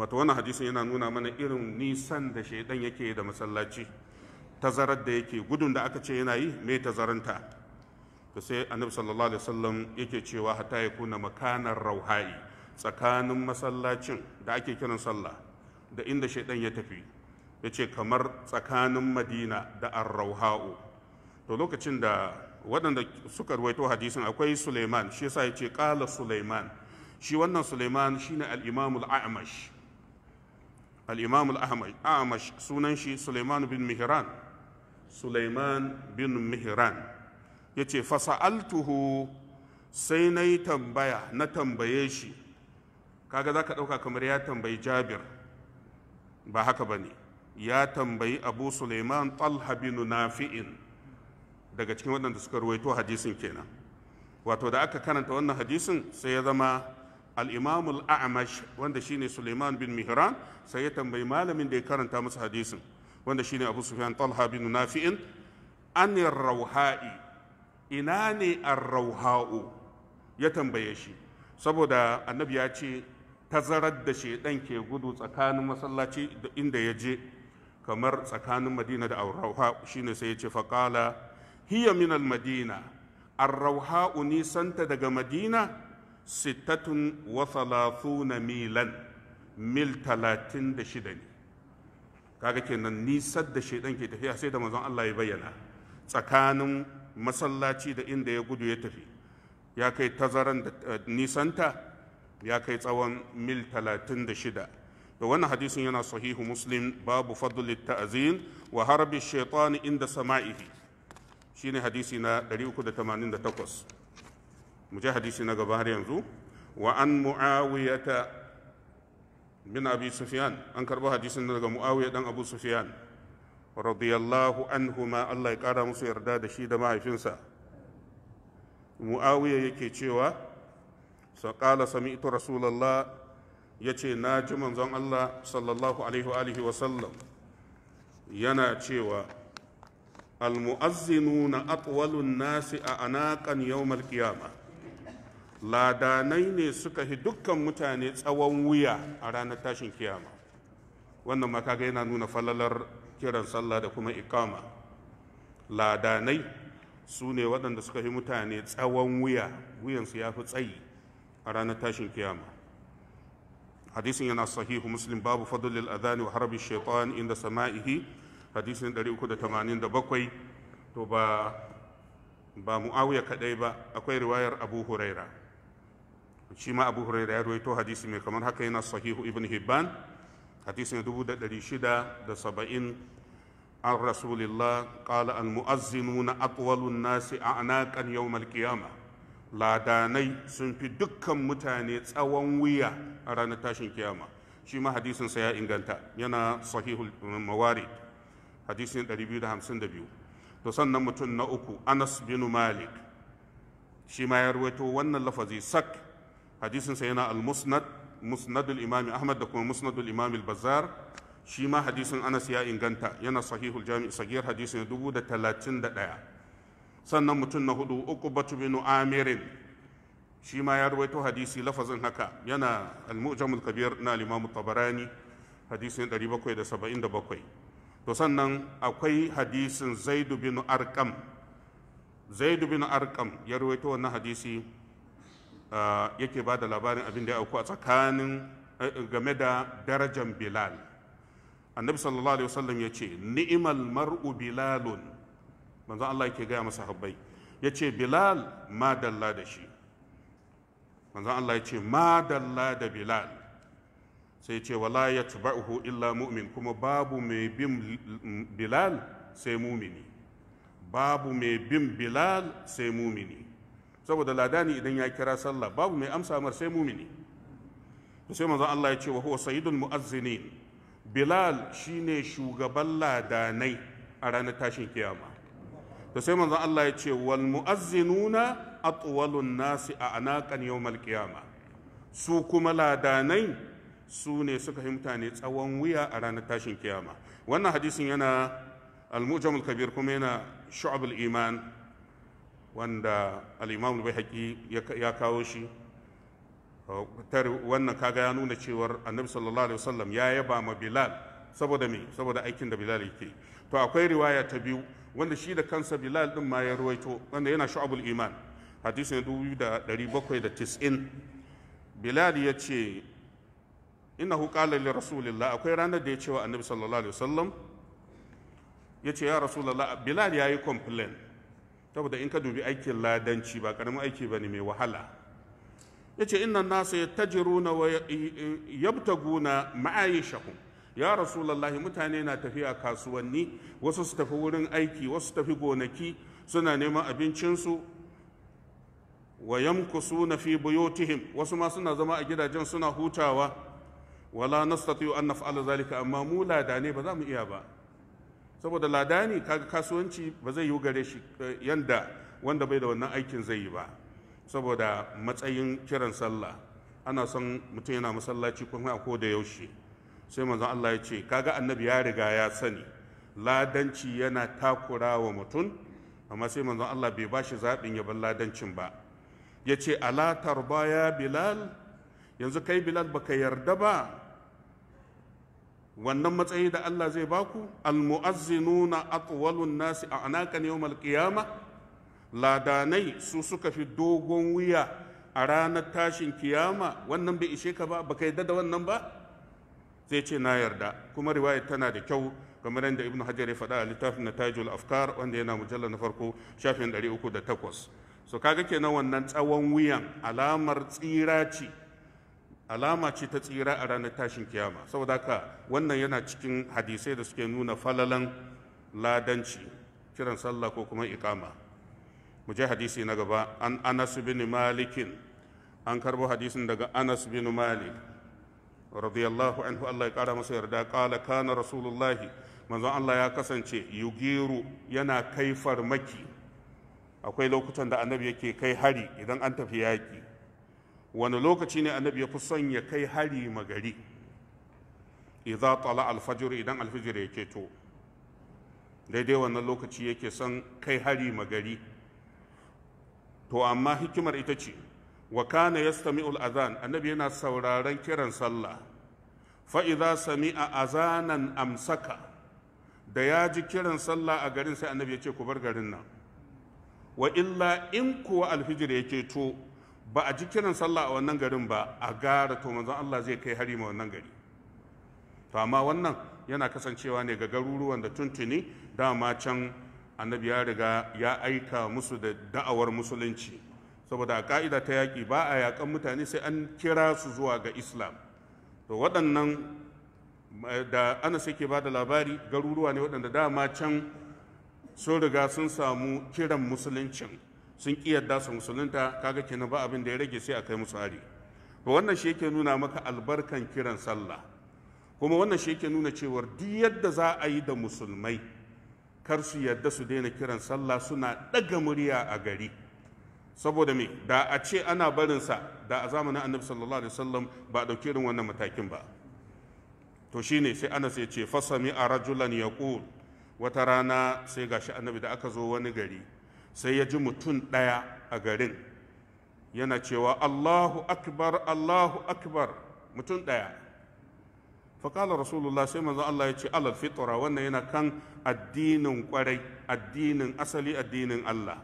Speaker 1: wato wannan hadisin yana nuna mana irin nisan da shaidan yake da masallaci tazarar da yake gudun da aka ce yana yi mai tazaranta to sai annabi sallallahu alaihi wasallam yake cewa hatta ya kuna makanar rauha'i tsakanin masallacin da ake kiran sallah da inda shaidan ya tafi yace kamar tsakanin madina da ar-rauha'u to lokacin da waɗanda suka ruwaito hadisin akwai suleiman shi yasa ce kala suleiman shi wannan suleiman shine al-imamul a'mash al-imam al-ahmash sunan shi Suleiman bin Mihran Suleiman bin Ya ce, fa sa'altuhu sai yi tambaya na tambaye shi kaga zaka ɗauka kamar ya tambayi Jabir ba haka bane ya tambayi Abu Sulaiman Talha bin Nafi'in daga cikin waɗanda suka ruwaito hadisin kenan wato da aka karanta wannan hadisin sai ya zama al-imam al-a'mash wanda shine Suleiman bin Mihram sai ya tambayi malamin da ya karanta masa hadisin wanda shine Abu Sufyan Talha bin Nafi'in an rauha'i ina ne ar-rauha'u ya tambaye shi saboda annabi ya ce tazarar da shedan ke gudu tsakanin masallaci da inda ya je kamar tsakanin madina da arrauha shine sai ya ce faƙala hiya min madina arrauha nisanta daga madina sittatun wa thalathuna milan mil talatin da shida ne kaga kenan nisar da shaidan ke tafiya sai da manzon Allah ya bayyana tsakanin masallaci da inda ya gudu ya tafi ya kai tazaran da eh, nisanta ya kai tsawon mil talatin da shida da wannan hadisin yana sahihu muslim babu fadl ta'zin wa harbi shaitan inda sama'ihi shine hadisi na 388 mu hadisi na gaba har yanzu wa an mu'awiyata min abi sufyan an karbo hadisin daga mu'awiya dan abu sufyan radiyallahu anhuma Allah ya kara musu yarda da shi da mahaifinsa mu'awiya yake cewa saƙala sami'tu rasulallah ya ce na ji manzon Allah sallallahu alaihi wa sallam yana cewa almu'azzinu na atwalun nasi a anaƙan yawmal qiyama ladanai ne suka fi dukkan mutane tsawon wuya a ranar tashin kiyama wannan makaga yana nuna falalar kiran sallah da kuma ikama ladanai su ne waɗanda suka fi mutane tsawon wuya wuyansu ya fi tsayi a ranar tashin kiyama hadisin yana sahihu muslim babu fadlil adhani wa harbi shaitan inda sama'ihi hadisin 387 to ba ba mu'awiya kadai ba akwai riwayar abu huraira shi ma abu huraira ya rawaito hadisi mai kamar haka yana sahihu ibn hibban hadisi na dubu da ɗari shida da saba'in an rasulillah ƙala al mu'azzinu na atwalun nasi a anaƙan yau malkiyama ladanai sun fi dukkan mutane tsawon wuya a ranar tashin kiyama shi ma hadisinsa ya inganta yana sahihul mawari hadisin 252 to sannan mutum na uku anas bin malik shi ma ya rawaito wannan lafazi sak hadisinsa yana al musnadul imami ahmad da kuma musnadul imami al-bazzar shi ma hadisin anas ya inganta yana sahihul jami'i sagir hadisin dubu da talatin da ɗaya sannan mutum na hudu uku batu bin shi ma ya rawaito hadisi lafazin haka yana al-mu'jamul kabir na limamu tabarani hadisin 777 to sannan akwai hadisin zaidu bin arkam zaidu bin ya hadisi yake ba da labarin abin da ya auku a tsakanin eh, eh, game da darajar bilal annabi sallallahu alaihi wasallam ya ce ni'imal mar'u bilalun manzo Allah yake gaya masa habbai ya ce bilal ma dalla da shi manzo Allah ya ce ma dalla da bilal sai ya ce wala yatba'uhu illa mu'min kuma babu mai bin bilal sai mumini babu mai bin bilal sai mumini saboda ladani idan ya kira sallah babu mai amsa mar sai mumini to sai manzon Allah ya ce wa huwa sayyidul muazzinin bilal shine shugaban ladanai a ranar tashin kiyama to sai manzon Allah ya ce wal muazzinuna atwalun nasi a anaqan yawmal qiyama su kuma ladanai su ne suka yi mutane tsawon wuya a ranar tashin kiyama wannan hadisin yana al-mujamul kabir kuma yana shu'abul iman wanda al'imam bai ya kawo shi wannan kaga ya nuna cewar annabi sallallahu alaihi wasallam ya yaba ma bilal saboda me saboda aikin da bilal yake to akwai riwaya ta biyu wanda shi da kansa bilal din ma ya ruwaito wanda yana shu'abul iman hadisi da ɗari bakwai na 2790 bilal ya ce innahu qala li rasulillah akwai ranar da ya ce wa annabi sallallahu alaihi wasallam ya ce ya rasulullah bilal yayi complain saboda in ka dubi aikin ladanci ba karamin aiki ba ne mai wahala yace innan nasu na wa na ma'ayishahum ya lallahi, mutane na tafiya kasuwanni wasu su tafi wurin aiki wasu su tafi gonaki suna neman abincinsu wa na fi buyotihim wasu ma suna zama a gidajen suna hutawa wala nastati'u an naf'ala zalika amma mu ladane ba za mu iya ba saboda ladani kaga kasuwanci ba zai yi gare shi eh, yanda wanda bai da wannan aikin zai yi ba saboda matsayin kiran sallah ana son mutum yana masallaci kuma a ko da yaushe sai manzon Allah ya ce kaga annabi ya riga ya sani ladanci yana takura wa mutum amma sai manzon Allah bai bashi zaɓin ya bar ladancin ba ya ce ala tarbaya bilal yanzu kai bilal baka yarda ba wannan matsayi da Allah zai baku almu'azzinuna atwalun nasi a anakan yawmal qiyama ladanai su suka fi dogon wuya a ranar tashin kiyama wannan bai ishe ka ba baka yadda da wannan ba zai ce na yarda kuma riwayar tana da kyau kamar yadda ibnu hajar ya faɗa a littafin natajul afkar wanda yana mujalla na farko shafin 308 so kaga kenan wannan tsawon wuyan alamar tsira ce alama ce ta tsira a ranar tashin kiyama saboda haka wannan yana cikin hadisai da suke nuna falalan ladanci kiran sallah ko kuma ikama. mu je hadisi na gaba an anas bin malikin an karbo hadisin daga anas bin malik radiyallahu anhu Allah ya kara masa yarda qala kana rasulullahi manzon Allah ya kasance yugiru yana kai farmaki akwai lokutan da annabi yake kai hari idan an tafi yaki. wani lokaci ne annabi ya fi son ya kai hari magari idza tala alfajr idan alfajr ya keto daidai wannan lokaci yake son kai hari magari to amma hikimar ita ce wa kana yastami'ul azan annabi yana sauraron kiran sallah fa idza sami'a azanan amsaka da ya ji kiran sallah a garin sai annabi ya ce ku bar garin nan wa illa in kuwa alfijir ya keto ba a ji kiran sallah a wannan garin ba a gara to manzon Allah zai kai hari ma wannan gari to amma wannan yana kasancewa ne ga garuruwan da tuntuni dama can annabi ya riga ya aika musu da da'awar musulunci saboda a ka'ida ta yaƙi ba a yaƙan mutane sai an kira su zuwa ga islam to waɗannan eh, da sai ke ba da labari garuruwa ne waɗanda dama can sun riga sun samu kiran musuluncin sun ƙi yadda su musulunta kaga kenan ba abin da ya rage sai a kai musu hari to wannan shi yake nuna maka albarkan kiran sallah kuma wannan shi yake nuna cewar duk yadda za a yi da musulmai kar su yadda su daina kiran sallah suna ɗaga murya a gari saboda me da a ce ana barinsa da a zamanin annabi sallallahu alaihi wasallam ba a ɗauki irin wannan matakin ba to shine sai anas ya ce fasami a rajulan yaqul wata rana sai gashi annabi da aka zo wani gari sai ya ji mutum ɗaya a garin yana cewa allahu akbar allahu akbar mutum ɗaya faƙalar rasulullah sai manzo allah ya ce alal fitra wannan yana kan addinin kwarai addinin asali addinin allah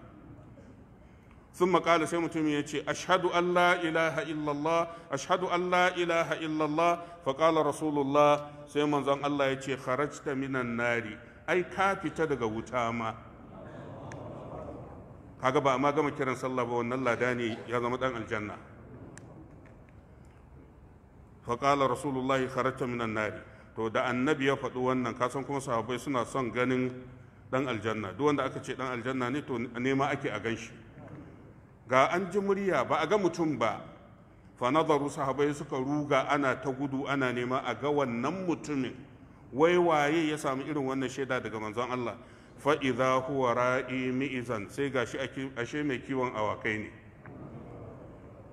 Speaker 1: sun maƙala sai mutum ya ce ashadu allah ilaha illallah ashadu allah ilaha illallah faƙalar rasulullah sai manzon allah ya ce kharajta minan nari ai ka fita daga wuta ma kaga ba ma gama kiran sallah ba wannan lada ne ya zama dan aljanna fa qala rasulullahi kharajta minan nari to da annabi ya faɗi wannan kasan kuma sahabbai suna son ganin dan aljanna duk wanda aka ce dan aljanna ne to nema ake a ganshi ga an ji murya ba a ga mutum ba fa nazaru sahabbai suka ruga ana ta gudu ana nema a ga wannan mutumin wai waye ya samu irin wannan shaida daga manzon Allah fa'iza huwa ra'i mi'izan sai gashi ashe mai kiwon awakai ne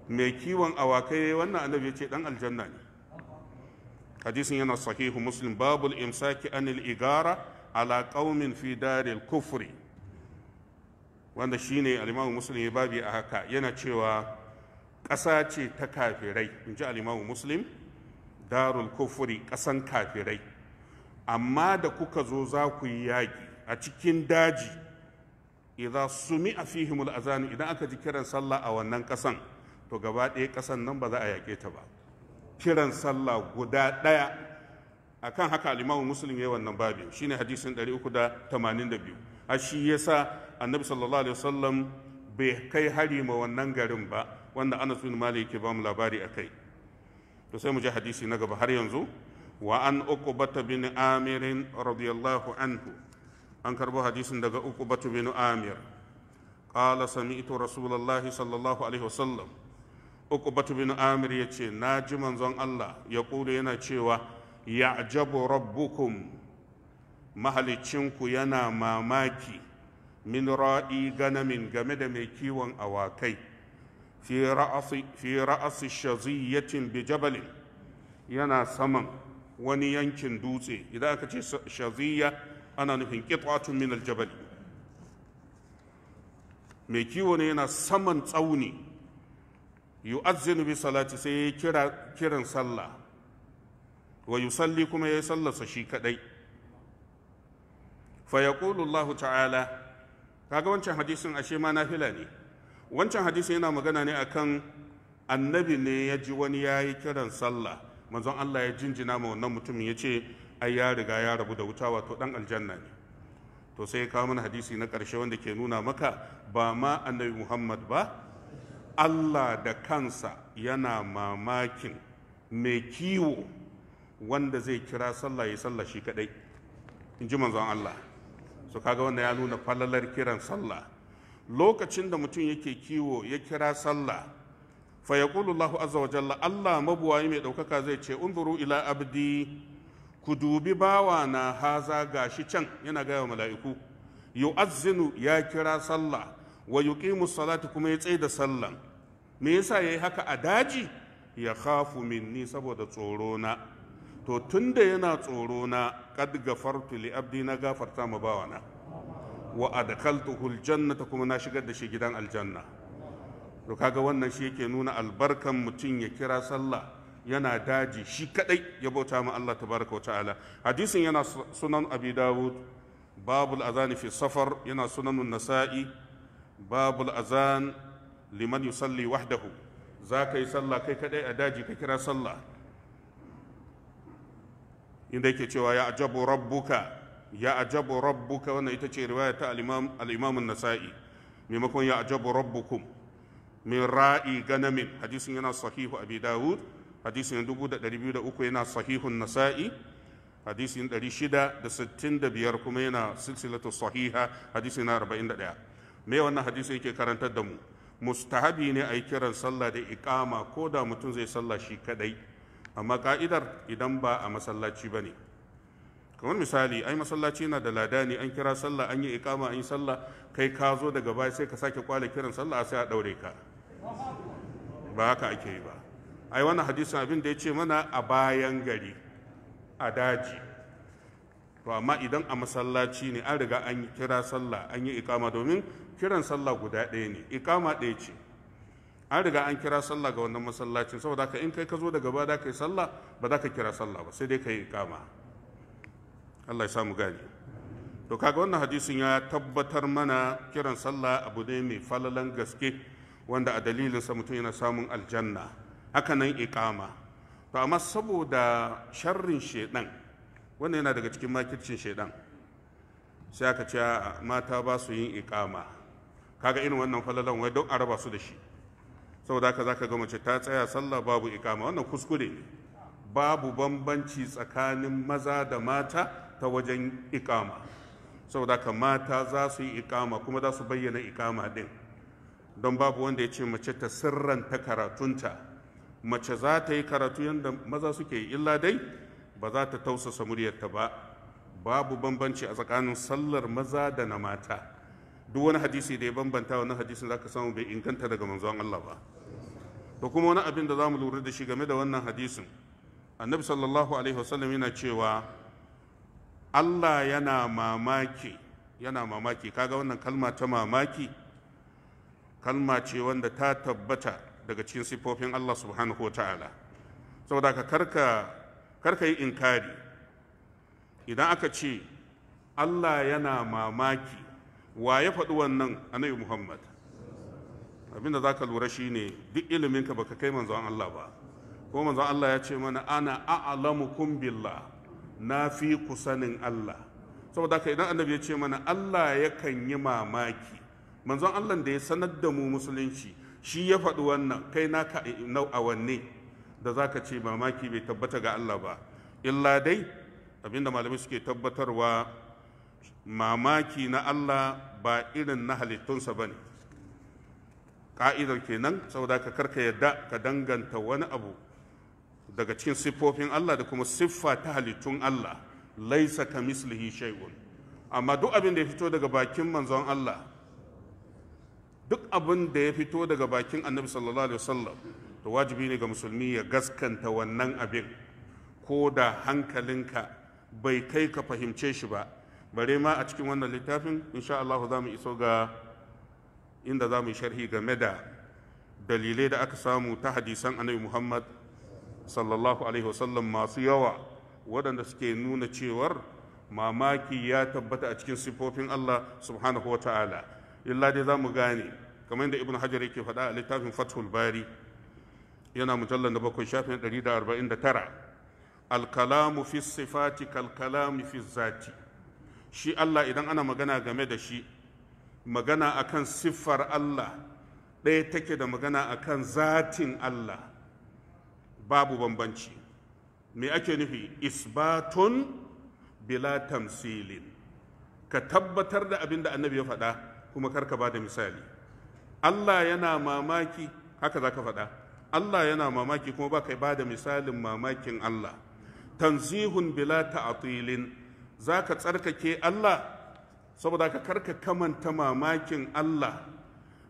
Speaker 1: mai kiwon awakai wannan annabi ce dan aljanna ne hadisin yana sahihu muslim babul imsaki anil igara ala qaumin fi daril kufri wanda shine al-imamu muslim ya babi a haka yana cewa ƙasa ce ta kafirai in ji al muslim darul kufri ƙasan kafirai amma da kuka zo za ku yi yaƙi a cikin daji idza sumi'a fihim al-azan idan aka ji kiran sallah a wannan kasan to gaba ɗaya kasan nan ba za a ta ba kiran sallah guda ɗaya akan haka al-Imam Muslim yayi wannan babin shine hadisin 382 a shi yasa Annabi sallallahu alaihi wasallam bai kai hari ma wannan garin ba wanda Anas bin Malik ke ba mu labari akai to sai mu ji hadisi na gaba har yanzu wa an uqbata bin amirin radiyallahu anhu an karbo hadisin daga uku batu bin amir sami ito rasulullahi sallallahu alaihi wasallam uku batu bin amir ya ce na ji manzon allah ya kulu yana cewa ya'jabu rabbukum mahalicinku yana mamaki min ra'i ganamin game da mai kiwon awakai fi ra'asi shaziyatin bi jabalin yana saman wani yankin dutse idan aka ce shaziya ana nufin qit'atun min aljabal mai kiwo ne yana saman tsauni yu'azzinu bi salati sai ya yi kiran sallah wa yusalli kuma yi sallarsa shi kadai fa yaqulu Allah ta'ala kaga wancan hadisin ashe ma nafila ne wancan hadisin yana magana ne akan annabi ne ya ji wani yayi kiran sallah manzon Allah ya jinjina ma wannan mutumin ya ce ai ya riga ya rabu da wuta wato dan aljanna ne to sai ya kawo mana hadisi na ƙarshe wanda ke nuna maka ba ma annabi muhammad ba allah da kansa yana mamakin mai kiwo wanda zai kira sallah ya sallah shi kadai in ji manzon allah so kaga wanda ya nuna falalar kiran sallah lokacin da mutum yake kiwo ya kira sallah fa ya azza wa jalla allah mabuwayi mai ɗaukaka zai ce unzuru ila abdi ku dubi bawa na haza ga shi can yana gaya wa mala'iku yu'azzinu ya kira sallah wa yuqimu kuma ya tsaye da sallan me yasa yayi haka a daji ya khafu minni saboda tsoro na to tunda yana tsoro na qad gafartu li abdi na gafarta ma bawa na wa adkhaltuhu aljannata kuma na shigar da shi gidan aljanna to kaga wannan shi yake nuna albarkan mutum ya kira sallah yana daji shi kadai ya bauta ma Allah tabaraka ta'ala hadisin yana sunan abi dawud babul azan fi safar yana sunan nasa'i babul azan liman yusalli wahdahu za ka yi sallah kai kadai a daji ka kira sallah inda yake cewa ya ajabu rabbuka ya ajabu rabbuka wannan ita ce riwaya ta al-imam an-nasa'i maimakon ya ajabu rabbukum min ra'i ganamin hadisin yana sahihu abi dawud da uku yana sahihun nasa'i da biyar kuma yana silsilatu sahiha da ɗaya me wannan hadisi yake karantar da mu mustahabi ne a yi kiran sallah da ikama ko da mutum zai sallah shi kaɗai amma ka'idar idan ba a masallaci ba ne kamar misali ai masallaci na da lada ne an kira sallah an yi iƙama an yi sallah kai ka zo daga baya sai ka sake kwale kiran sallah sai a daure ka ba haka ake yi ba ai wannan hadisin abin da ya ce mana a bayan gari a daji to amma idan a masallaci ne an riga an kira sallah an yi ikama domin kiran sallah guda ɗaya ne ikama ɗaya ce an riga an kira sallah ga wannan masallacin saboda ka in kai ka zo daga ba da kai sallah ba za ka kira sallah ba sai dai ka yi ikama Allah ya samu gani to kaga wannan hadisin ya tabbatar mana kiran sallah abu ne mai falalan gaske wanda a dalilinsa mutum yana samun aljanna haka nan ikama to amma saboda sharrin shedan wannan yana daga cikin makircin shedan sai aka ce mata ba su yin ikama kaga irin wannan falalan wai don a raba su da shi saboda haka zaka ga mace ta tsaya sallah babu ikama wannan kuskure ne babu bambanci tsakanin maza da mata ta wajen ikama saboda haka mata za su yi ikama kuma za su bayyana ikama din don babu wanda ya ce mace ta sirranta karatunta mace za ta yi karatu yadda maza suke yi illa dai ba za ta tausasa muryarta ba babu bambanci a tsakanin sallar maza da na mata duk wani hadisi da ya bambanta wani hadisin za ka samu bai inganta daga manzon Allah ba to kuma wani abin da za mu lura da shi game da wannan hadisin annabi sallallahu alaihi wasallam yana cewa Allah yana mamaki yana mamaki kaga wannan kalma ta mamaki kalma ce wanda ta tabbata daga cikin siffofin Allah subhanahu wa ta'ala saboda ka karka karka yi inkari idan aka ce Allah yana mamaki wa ya faɗi wannan annabi Muhammad abinda za ka lura shi ne duk iliminka baka kai manzon Allah ba ko manzon Allah ya ce mana ana a'lamukum billah na fi ku sanin Allah saboda haka idan annabi ya ce mana Allah yakan yi mamaki manzon Allah da ya sanar da mu musulunci shi ya faɗi wannan kai na naka nau'awan ne da za ka ce mamaki bai tabbata ga Allah ba illa dai abinda malamai suke tabbatarwa mamaki na Allah ba irin na halittunsa ba ne ƙa'idar kenan saboda ka karka yadda ka danganta wani abu daga cikin siffofin Allah da kuma siffa ta halittun Allah laisa ka mislihi shay'un amma duk abin da ya fito daga bakin manzon Allah duk abin da ya fito daga bakin annabi sallallahu alaihi wasallam to wajibi ne ga musulmi ya gaskanta wannan abin ko da hankalinka bai kai ka fahimce shi ba bare ma a cikin wannan littafin insha Allah za mu iso ga inda za mu sharhi game da dalilai da aka samu ta hadisan annabi Muhammad sallallahu alaihi wasallam masu yawa waɗanda suke nuna cewar mamaki ya tabbata a cikin siffofin Allah subhanahu wa ta'ala illa dai za mu gane kamar yadda ibn hajar yake faɗa a littafin fathul bari yana mujallar na bakwai shafin 149 alkalamu fi sifati kalkalami fi zati shi Allah idan ana magana game da shi magana akan siffar Allah ɗaya take da magana akan zatin Allah babu bambanci me ake nufi isbatun bila tamsilin ka tabbatar da abin da annabi ya faɗa kuma kar ka ba da misali Allah yana mamaki haka za ka faɗa Allah yana mamaki kuma ba kai ba da misalin mamakin Allah tanzihun bila ta'atilin za ka tsarkake Allah saboda ka karka kamanta mamakin Allah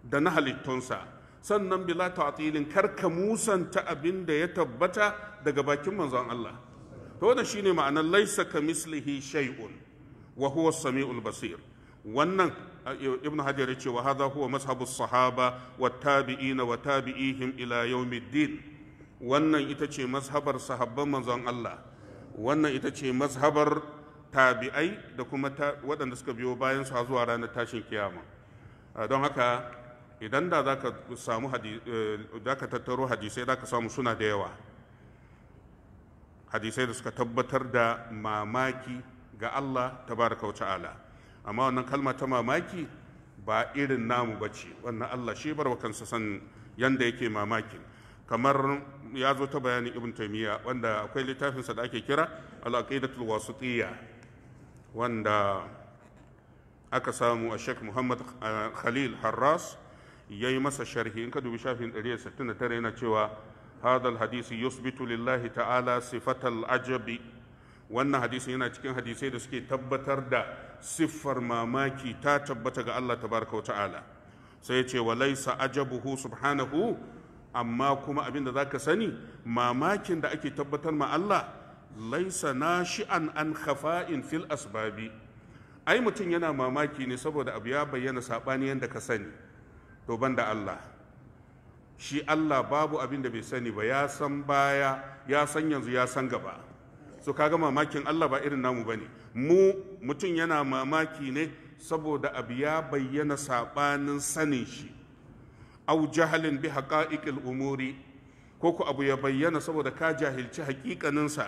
Speaker 1: da na halittunsa sannan bila ta'atilin karka musanta abin da ya tabbata daga bakin manzon Allah to wannan shine ma'anar laisa ka mislihi shay'un wa huwa samiul basir wannan ibnu hajar ya ce wa hadha huwa mazhabu sahaba wa tabi'ina wa tabi'ihim ila yawmiddin wannan ita ce mazhabar sahabban manzon Allah wannan ita ce mazhabar tabi'ai da kuma waɗanda suka biyo bayan su zuwa ranar tashin kiyama don haka idan da za ka samu e, za ka tattaro hadisai za ka samu suna da yawa hadisai da suka tabbatar da mamaki ga Allah ta tabaraka wa allah. amma wannan kalma ta mamaki ba irin namu ba ce wannan Allah shi barwa kansa san yanda yake mamaki kamar ya zo ta bayani ibn taymiya wanda akwai littafinsa da ake kira al-aqidatul wasitiyya wanda aka samu a Sheikh Muhammad Khalil Harras yayi masa sharhi in ka dubi shafin 169 yana cewa hadal hadisi yusbitu lillahi ta'ala sifatal ajabi wannan hadisin yana cikin hadisai da suke tabbatar da siffar mamaki ta tabbata ga Allah tabaraka wa ta'ala sai ce wa laisa ajabuhu subhanahu amma kuma abin da za ka sani mamakin da ake tabbatar ma Allah laisa nashi'an an khafa'in fil asbabi ai mutum yana mamaki ne saboda abu ya bayyana saɓani yanda ka sani to banda Allah shi Allah babu abin da bai sani ba ya san baya ya san yanzu ya san gaba so kaga mamakin Allah ba irin namu bane mu mutum yana mamaki ne saboda abu ya bayyana sabanin sanin shi au jahalin bi haqa'iqil umuri ko ku abu ya bayyana saboda ka jahilci haƙiƙaninsa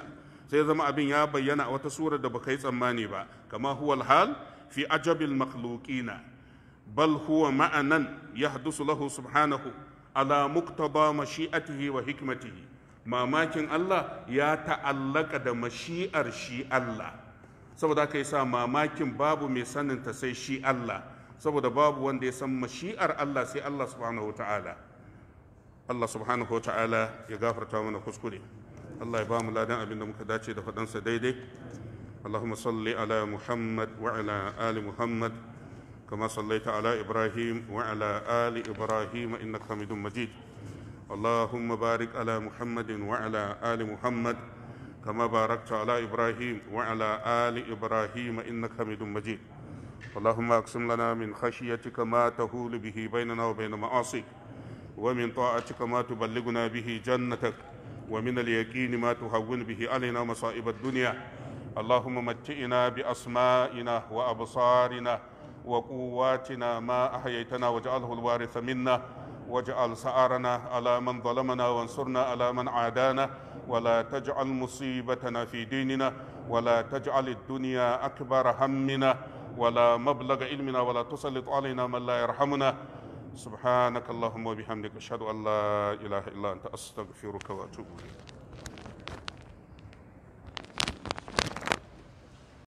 Speaker 1: sai zama abin ya bayyana a wata surar da baka yi tsammani ba kama huwal hal fi ajabil makhluqina bal huwa ma'anan yahdusu lahu subhanahu ala muktaba mashi'atihi wa hikmatihi mamakin Allah ya ta'allaka da mashi'ar shi Allah saboda aka yi sa mamakin babu mai saninta sai shi Allah saboda babu wanda ya san mashi'ar Allah sai Allah subhanahu ta'ala Allah subhanahu ta'ala ya gafarta mana kuskure Allah ya ba mu ladan abin da muka dace da faɗansa daidai اللهم صل wa محمد وعلى آل محمد كما صليت على إبراهيم وعلى آل إبراهيم إنك حميد مجيد اللهم بارك على محمد وعلى آل محمد كما باركت على إبراهيم وعلى آل إبراهيم إنك حميد مجيد اللهم أقسم لنا من خشيتك ما تهول به بيننا وبين معاصيك ومن طاعتك ما تبلغنا به جنتك ومن اليقين ما تهون به علينا مصائب الدنيا اللهم متئنا بأسمائنا وأبصارنا وقواتنا ما أحييتنا واجعله الوارث منا واجعل سعرنا على من ظلمنا وانصرنا على من عادانا ولا تجعل مصيبتنا في ديننا ولا تجعل الدنيا أكبر همنا ولا مبلغ علمنا ولا تسلط علينا من لا يرحمنا سبحانك اللهم وبحمدك أشهد أن لا إله إلا أنت أستغفرك وأتوب إليك